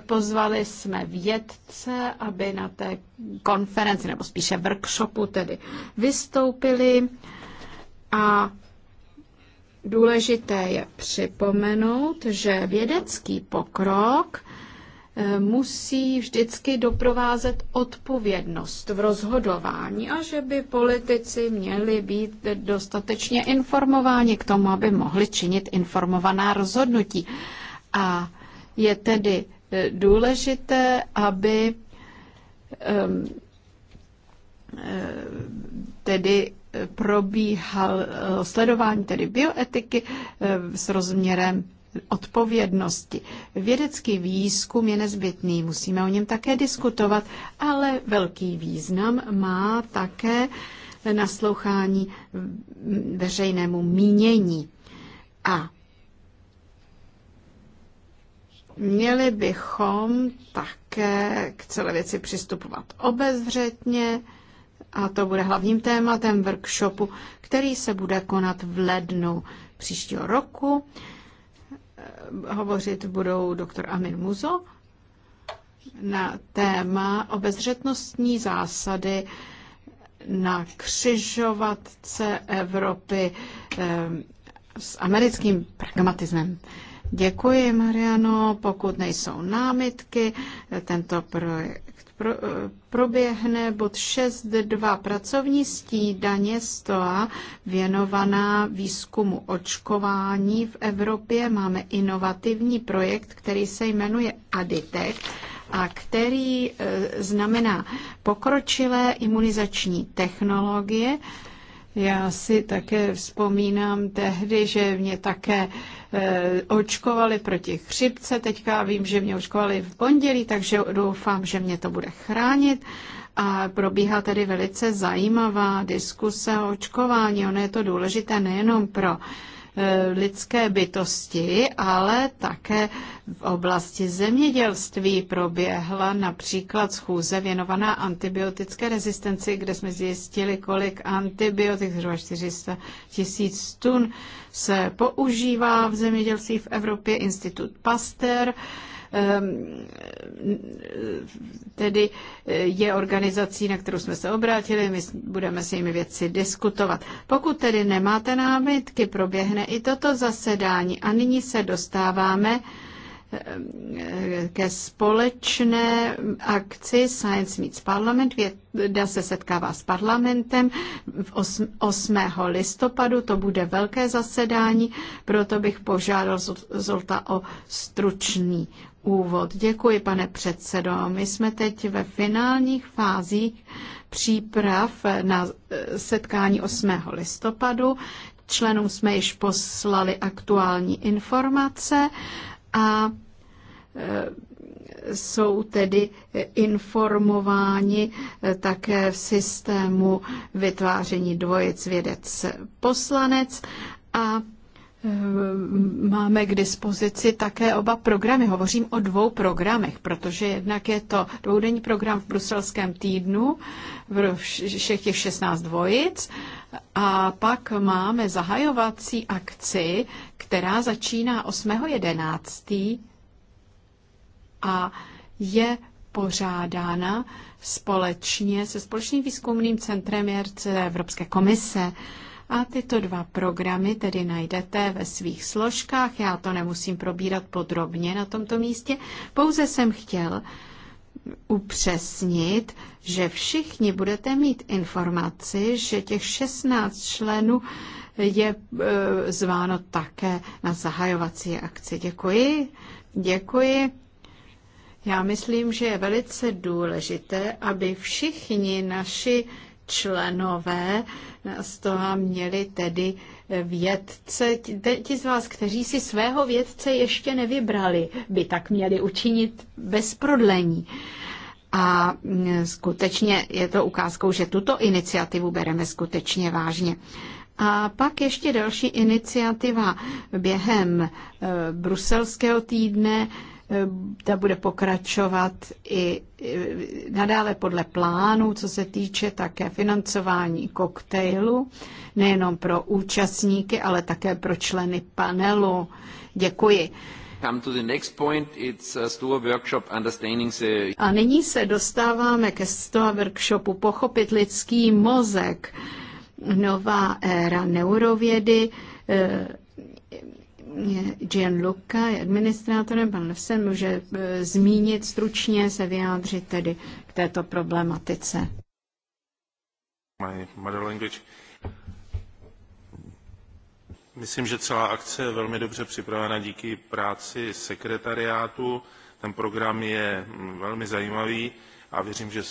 Pozvali jsme vědce, aby na té konferenci, nebo spíše workshopu tedy, vystoupili. A důležité je připomenout, že vědecký pokrok – Eh, musí vždycky doprovázet odpovědnost v rozhodování a že by politici měli být dostatečně informováni k tomu, aby mohli činit informovaná rozhodnutí. A je tedy eh, důležité, aby ehm, eh, tedy probíhal sledování tedy bioetiky s rozměrem odpovědnosti. Vědecký výzkum je nezbytný, musíme o něm také diskutovat, ale velký význam má také naslouchání veřejnému mínění. A měli bychom také k celé věci přistupovat obezřetně, a to bude hlavním tématem workshopu, který se bude konat v lednu příštího roku. Eh, hovořit budou doktor Amin Muzo na téma obezřetnostní zásady na křižovatce Evropy eh, s americkým pragmatismem. Děkuji, Mariano. Pokud nejsou námitky, tento projekt pro, eh, proběhne bod 6.2 pracovní stídaně STOA věnovaná výzkumu očkování v Evropě. Máme inovativní projekt, který se jmenuje Aditek a který eh, znamená pokročilé imunizační technologie, já si také vzpomínám tehdy, že mě také eh, očkovali proti chřipce. Teďka vím, že mě očkovali v pondělí, takže doufám, že mě to bude chránit. A probíhá tady velice zajímavá diskuse o očkování. Ono je to důležité nejenom pro Eh, lidské bytosti, ale také v oblasti zemědělství proběhla například schůze věnovaná antibiotické rezistenci, kde jsme zjistili, kolik antibiotik, zhruba 400 tisíc tun, se používá v zemědělství v Evropě. Institut Pasteur Ehm, tedy eh, je organizací, na kterou jsme se obrátili, my budeme s nimi věci diskutovat. Pokud tedy nemáte námitky, proběhne i toto zasedání. A nyní se dostáváme ehm, ke společné akci Science Meets Parliament. Věda se setkává s parlamentem 8. listopadu. To bude velké zasedání, proto bych požádal Zolta o stručný úvod. Děkuji, pane předsedo. My jsme teď ve finálních fázích příprav na e, setkání 8. listopadu. Členům jsme již poslali aktuální informace a e, jsou tedy informováni e, také v systému vytváření dvojic vědec poslanec a Eh, máme k dispozici také oba programy. Hovořím o dvou programech, protože jednak je to dvoudenní program v bruselském týdnu, v všech těch 16 dvojic, a pak máme zahajovací akci, která začíná 8.11. a je pořádána společně se Společným výzkumným centrem JRC Evropské komise. A tyto dva programy tedy najdete ve svých složkách. Já to nemusím probírat podrobně na tomto místě, pouze jsem chtěl upřesnit, že všichni budete mít informaci, že těch 16 členů je e, zváno také na zahajovací akci. Děkuji, děkuji. Já myslím, že je velice důležité, aby všichni naši členové z toho měli tedy vědce. Ti z vás, kteří si svého vědce ještě nevybrali, by tak měli učinit bez prodlení. A mm, skutečně je to ukázkou, že tuto iniciativu bereme skutečně vážně. A pak ještě další iniciativa během eh, bruselského týdne ta bude pokračovat i nadále podle plánu, co se týče také financování koktejlu, nejenom pro účastníky, ale také pro členy panelu. Děkuji. Point, the... Uh, A nyní se dostáváme ke STOA workshopu Pochopit lidský mozek. Nová éra neurovědy, eh, Gianluca je administrátorem, pan Levsen může eh, zmínit stručně, se vyjádřit tedy k této problematice. Myslím, že celá akce je velmi dobře připravena díky práci sekretariátu. Ten program je mm, velmi zajímavý a věřím, že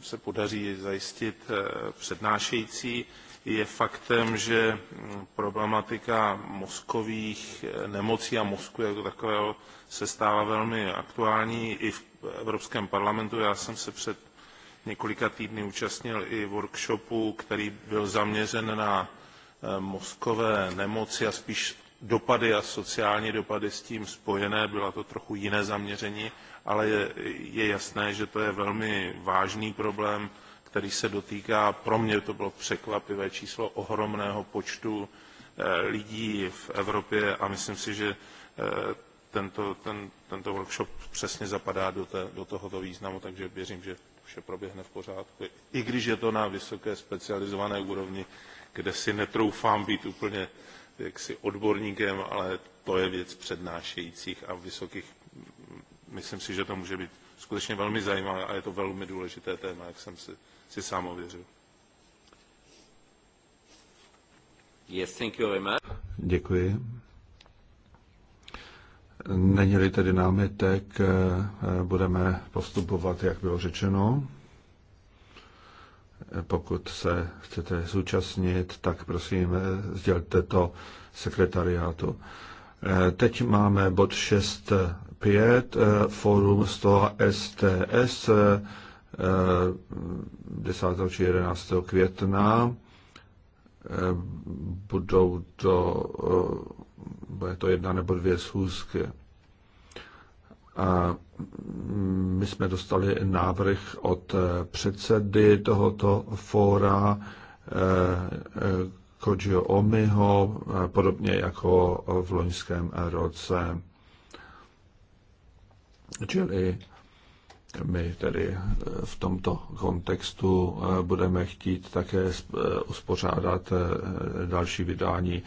se podaří zajistit eh, přednášející je faktem, že mm, problematika mozkových eh, nemocí a mozku jako takového se stává velmi aktuální i v Evropském parlamentu. Já jsem se před několika týdny účastnil i workshopu, který byl zaměřen na eh, mozkové nemoci a spíš dopady a sociální dopady s tím spojené. Byla to trochu jiné zaměření, ale je, je jasné, že to je velmi vážný problém který se dotýká, pro mě to bylo překvapivé číslo ohromného počtu eh, lidí v Evropě a myslím si, že eh, tento, ten, tento workshop přesně zapadá do, té, do tohoto významu, takže věřím, že vše proběhne v pořádku. I když je to na vysoké specializované úrovni, kde si netroufám být úplně jaksi odborníkem, ale to je věc přednášejících a vysokých. Myslím si, že to může být skutečně velmi zajímavé a je to velmi důležité téma, jak jsem si si sám ověřil. Yes, thank you very much. Děkuji. Není-li tedy námitek, eh, budeme postupovat, jak bylo řečeno. Eh, pokud se chcete zúčastnit, tak prosím, eh, sdělte to sekretariátu. Teď máme bod 6.5, fórum 100 STS, 10. Eh, či 11. května. Eh, budou to, eh, bude to jedna nebo dvě schůzky. A my jsme dostali návrh od předsedy tohoto fóra, Kojio Omiho, podobně jako v loňském roce. Čili my tedy eh, v tomto kontextu eh, budeme chtít také eh, uspořádat další vydání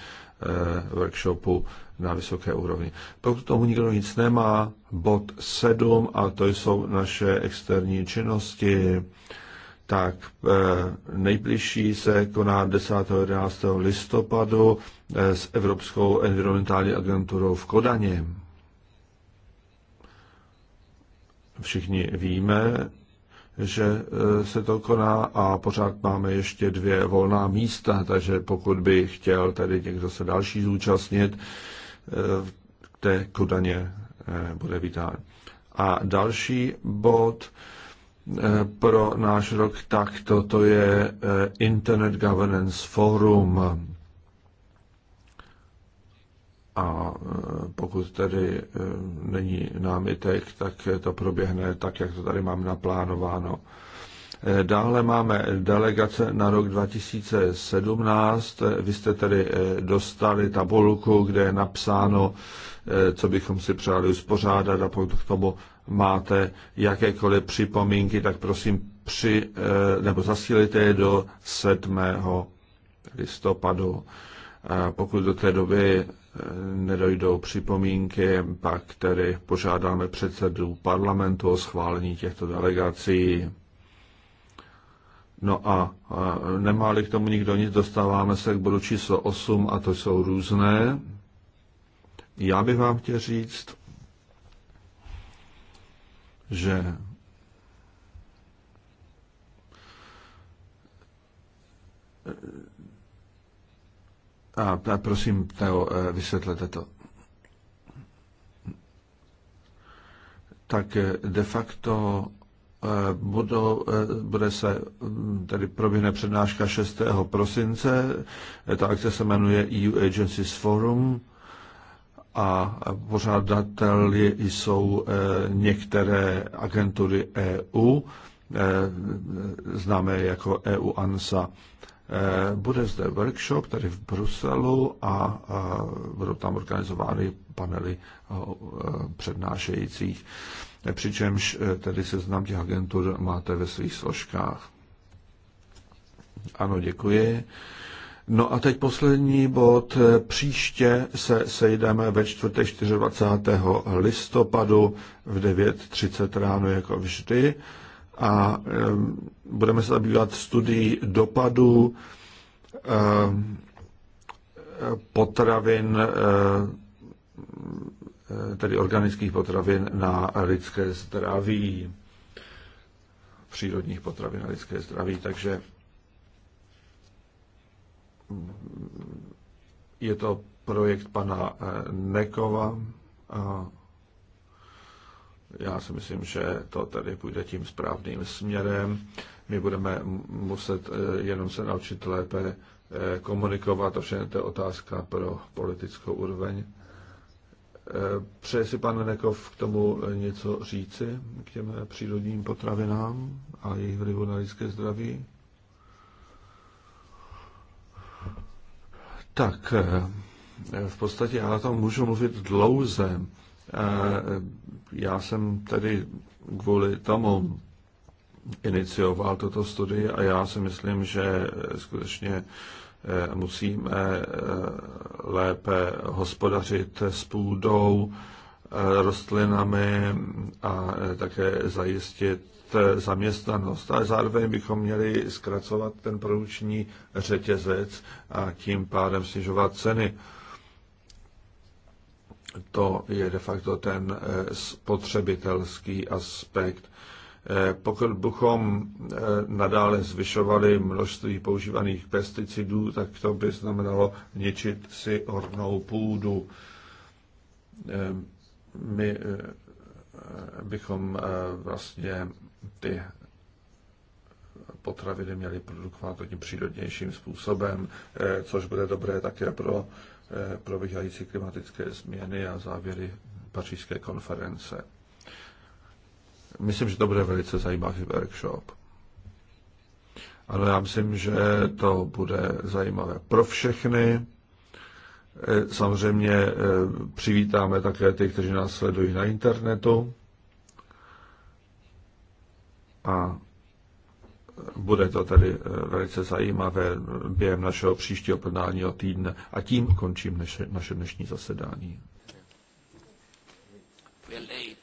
workshopu na vysoké úrovni. Pokud tomu nikdo nic nemá, bod 7, a to jsou naše externí činnosti, tak nejbližší se koná 10. 11. listopadu s Evropskou environmentální agenturou v Kodaně. Všichni víme, že eh, se to koná a pořád máme ještě dvě volná místa, takže pokud by chtěl tady někdo se další zúčastnit, k eh, té Kodaně eh, bude vítán. A další bod pro náš rok, tak toto je Internet Governance Forum. A e, pokud tedy e, není námitek, tak to proběhne tak, jak to tady mám naplánováno. E, dále máme delegace na rok 2017. Vy jste tedy dostali tabulku, kde je napsáno, co bychom si přáli uspořádat a pokud k tomu máte jakékoliv připomínky, tak prosím při, nebo zasílejte je do 7. listopadu. Pokud do té doby nedojdou připomínky, pak tedy požádáme předsedu parlamentu o schválení těchto delegací. No a nemáli k tomu nikdo nic, dostáváme se k bodu číslo 8 a to jsou různé. Já bych vám chtěl říct, že a, a prosím, Teo, eh, vysvětlete to. Tak eh, de facto eh, budou, bude se, hm, tady proběhne přednáška 6. prosince, ta akce se jmenuje EU Agencies Forum a pořádateli jsou některé agentury EU, známé jako EU ANSA. Eh, bude zde workshop tady v Bruselu a budou tam organizovány panely eh, přednášejících. Eh, přičemž tedy seznam těch agentů máte ve svých složkách. Ano, děkuji. No a teď poslední bod. Příště se sejdeme ve čtvrtek 24. listopadu v 9.30 ráno jako vždy a budeme se zabývat studií dopadů potravin, tedy organických potravin na lidské zdraví, přírodních potravin na lidské zdraví, takže je to projekt pana eh, Nekova a já si myslím, že to tady půjde tím správným směrem. My budeme muset e, jenom se naučit lépe e, komunikovat, ovšem to je otázka pro politickou úroveň. E, přeje si pan Nekov k tomu něco říci, k těm přírodním potravinám a jejich vlivu na lidské zdraví? Tak, v podstatě já na tom můžu mluvit dlouze. Eh, já jsem tedy kvůli tomu inicioval toto studii a já si myslím, že skutečně eh, musíme eh, lépe hospodařit s půdou, rostlinami a také zajistit zaměstnanost. Ale zároveň bychom měli zkracovat ten produkční řetězec a tím pádem snižovat ceny to je de facto ten eh, spotřebitelský aspekt. Eh, pokud bychom eh, nadále zvyšovali množství používaných pesticidů, tak to by znamenalo ničit si hornou půdu. My bychom vlastně ty potraviny měli produkovat hodně přírodnějším způsobem, což bude dobré také pro Eh, probíhající klimatické změny a závěry pařížské konference. Myslím, že to bude velice zajímavý workshop. Ano, já myslím, že to bude zajímavé pro všechny. Eh, samozřejmě eh, přivítáme také ty, kteří nás sledují na internetu. A bude to tedy eh, velice zajímavé během našeho příštího o týdne. A tím končím naše, naše dnešní zasedání. We're late.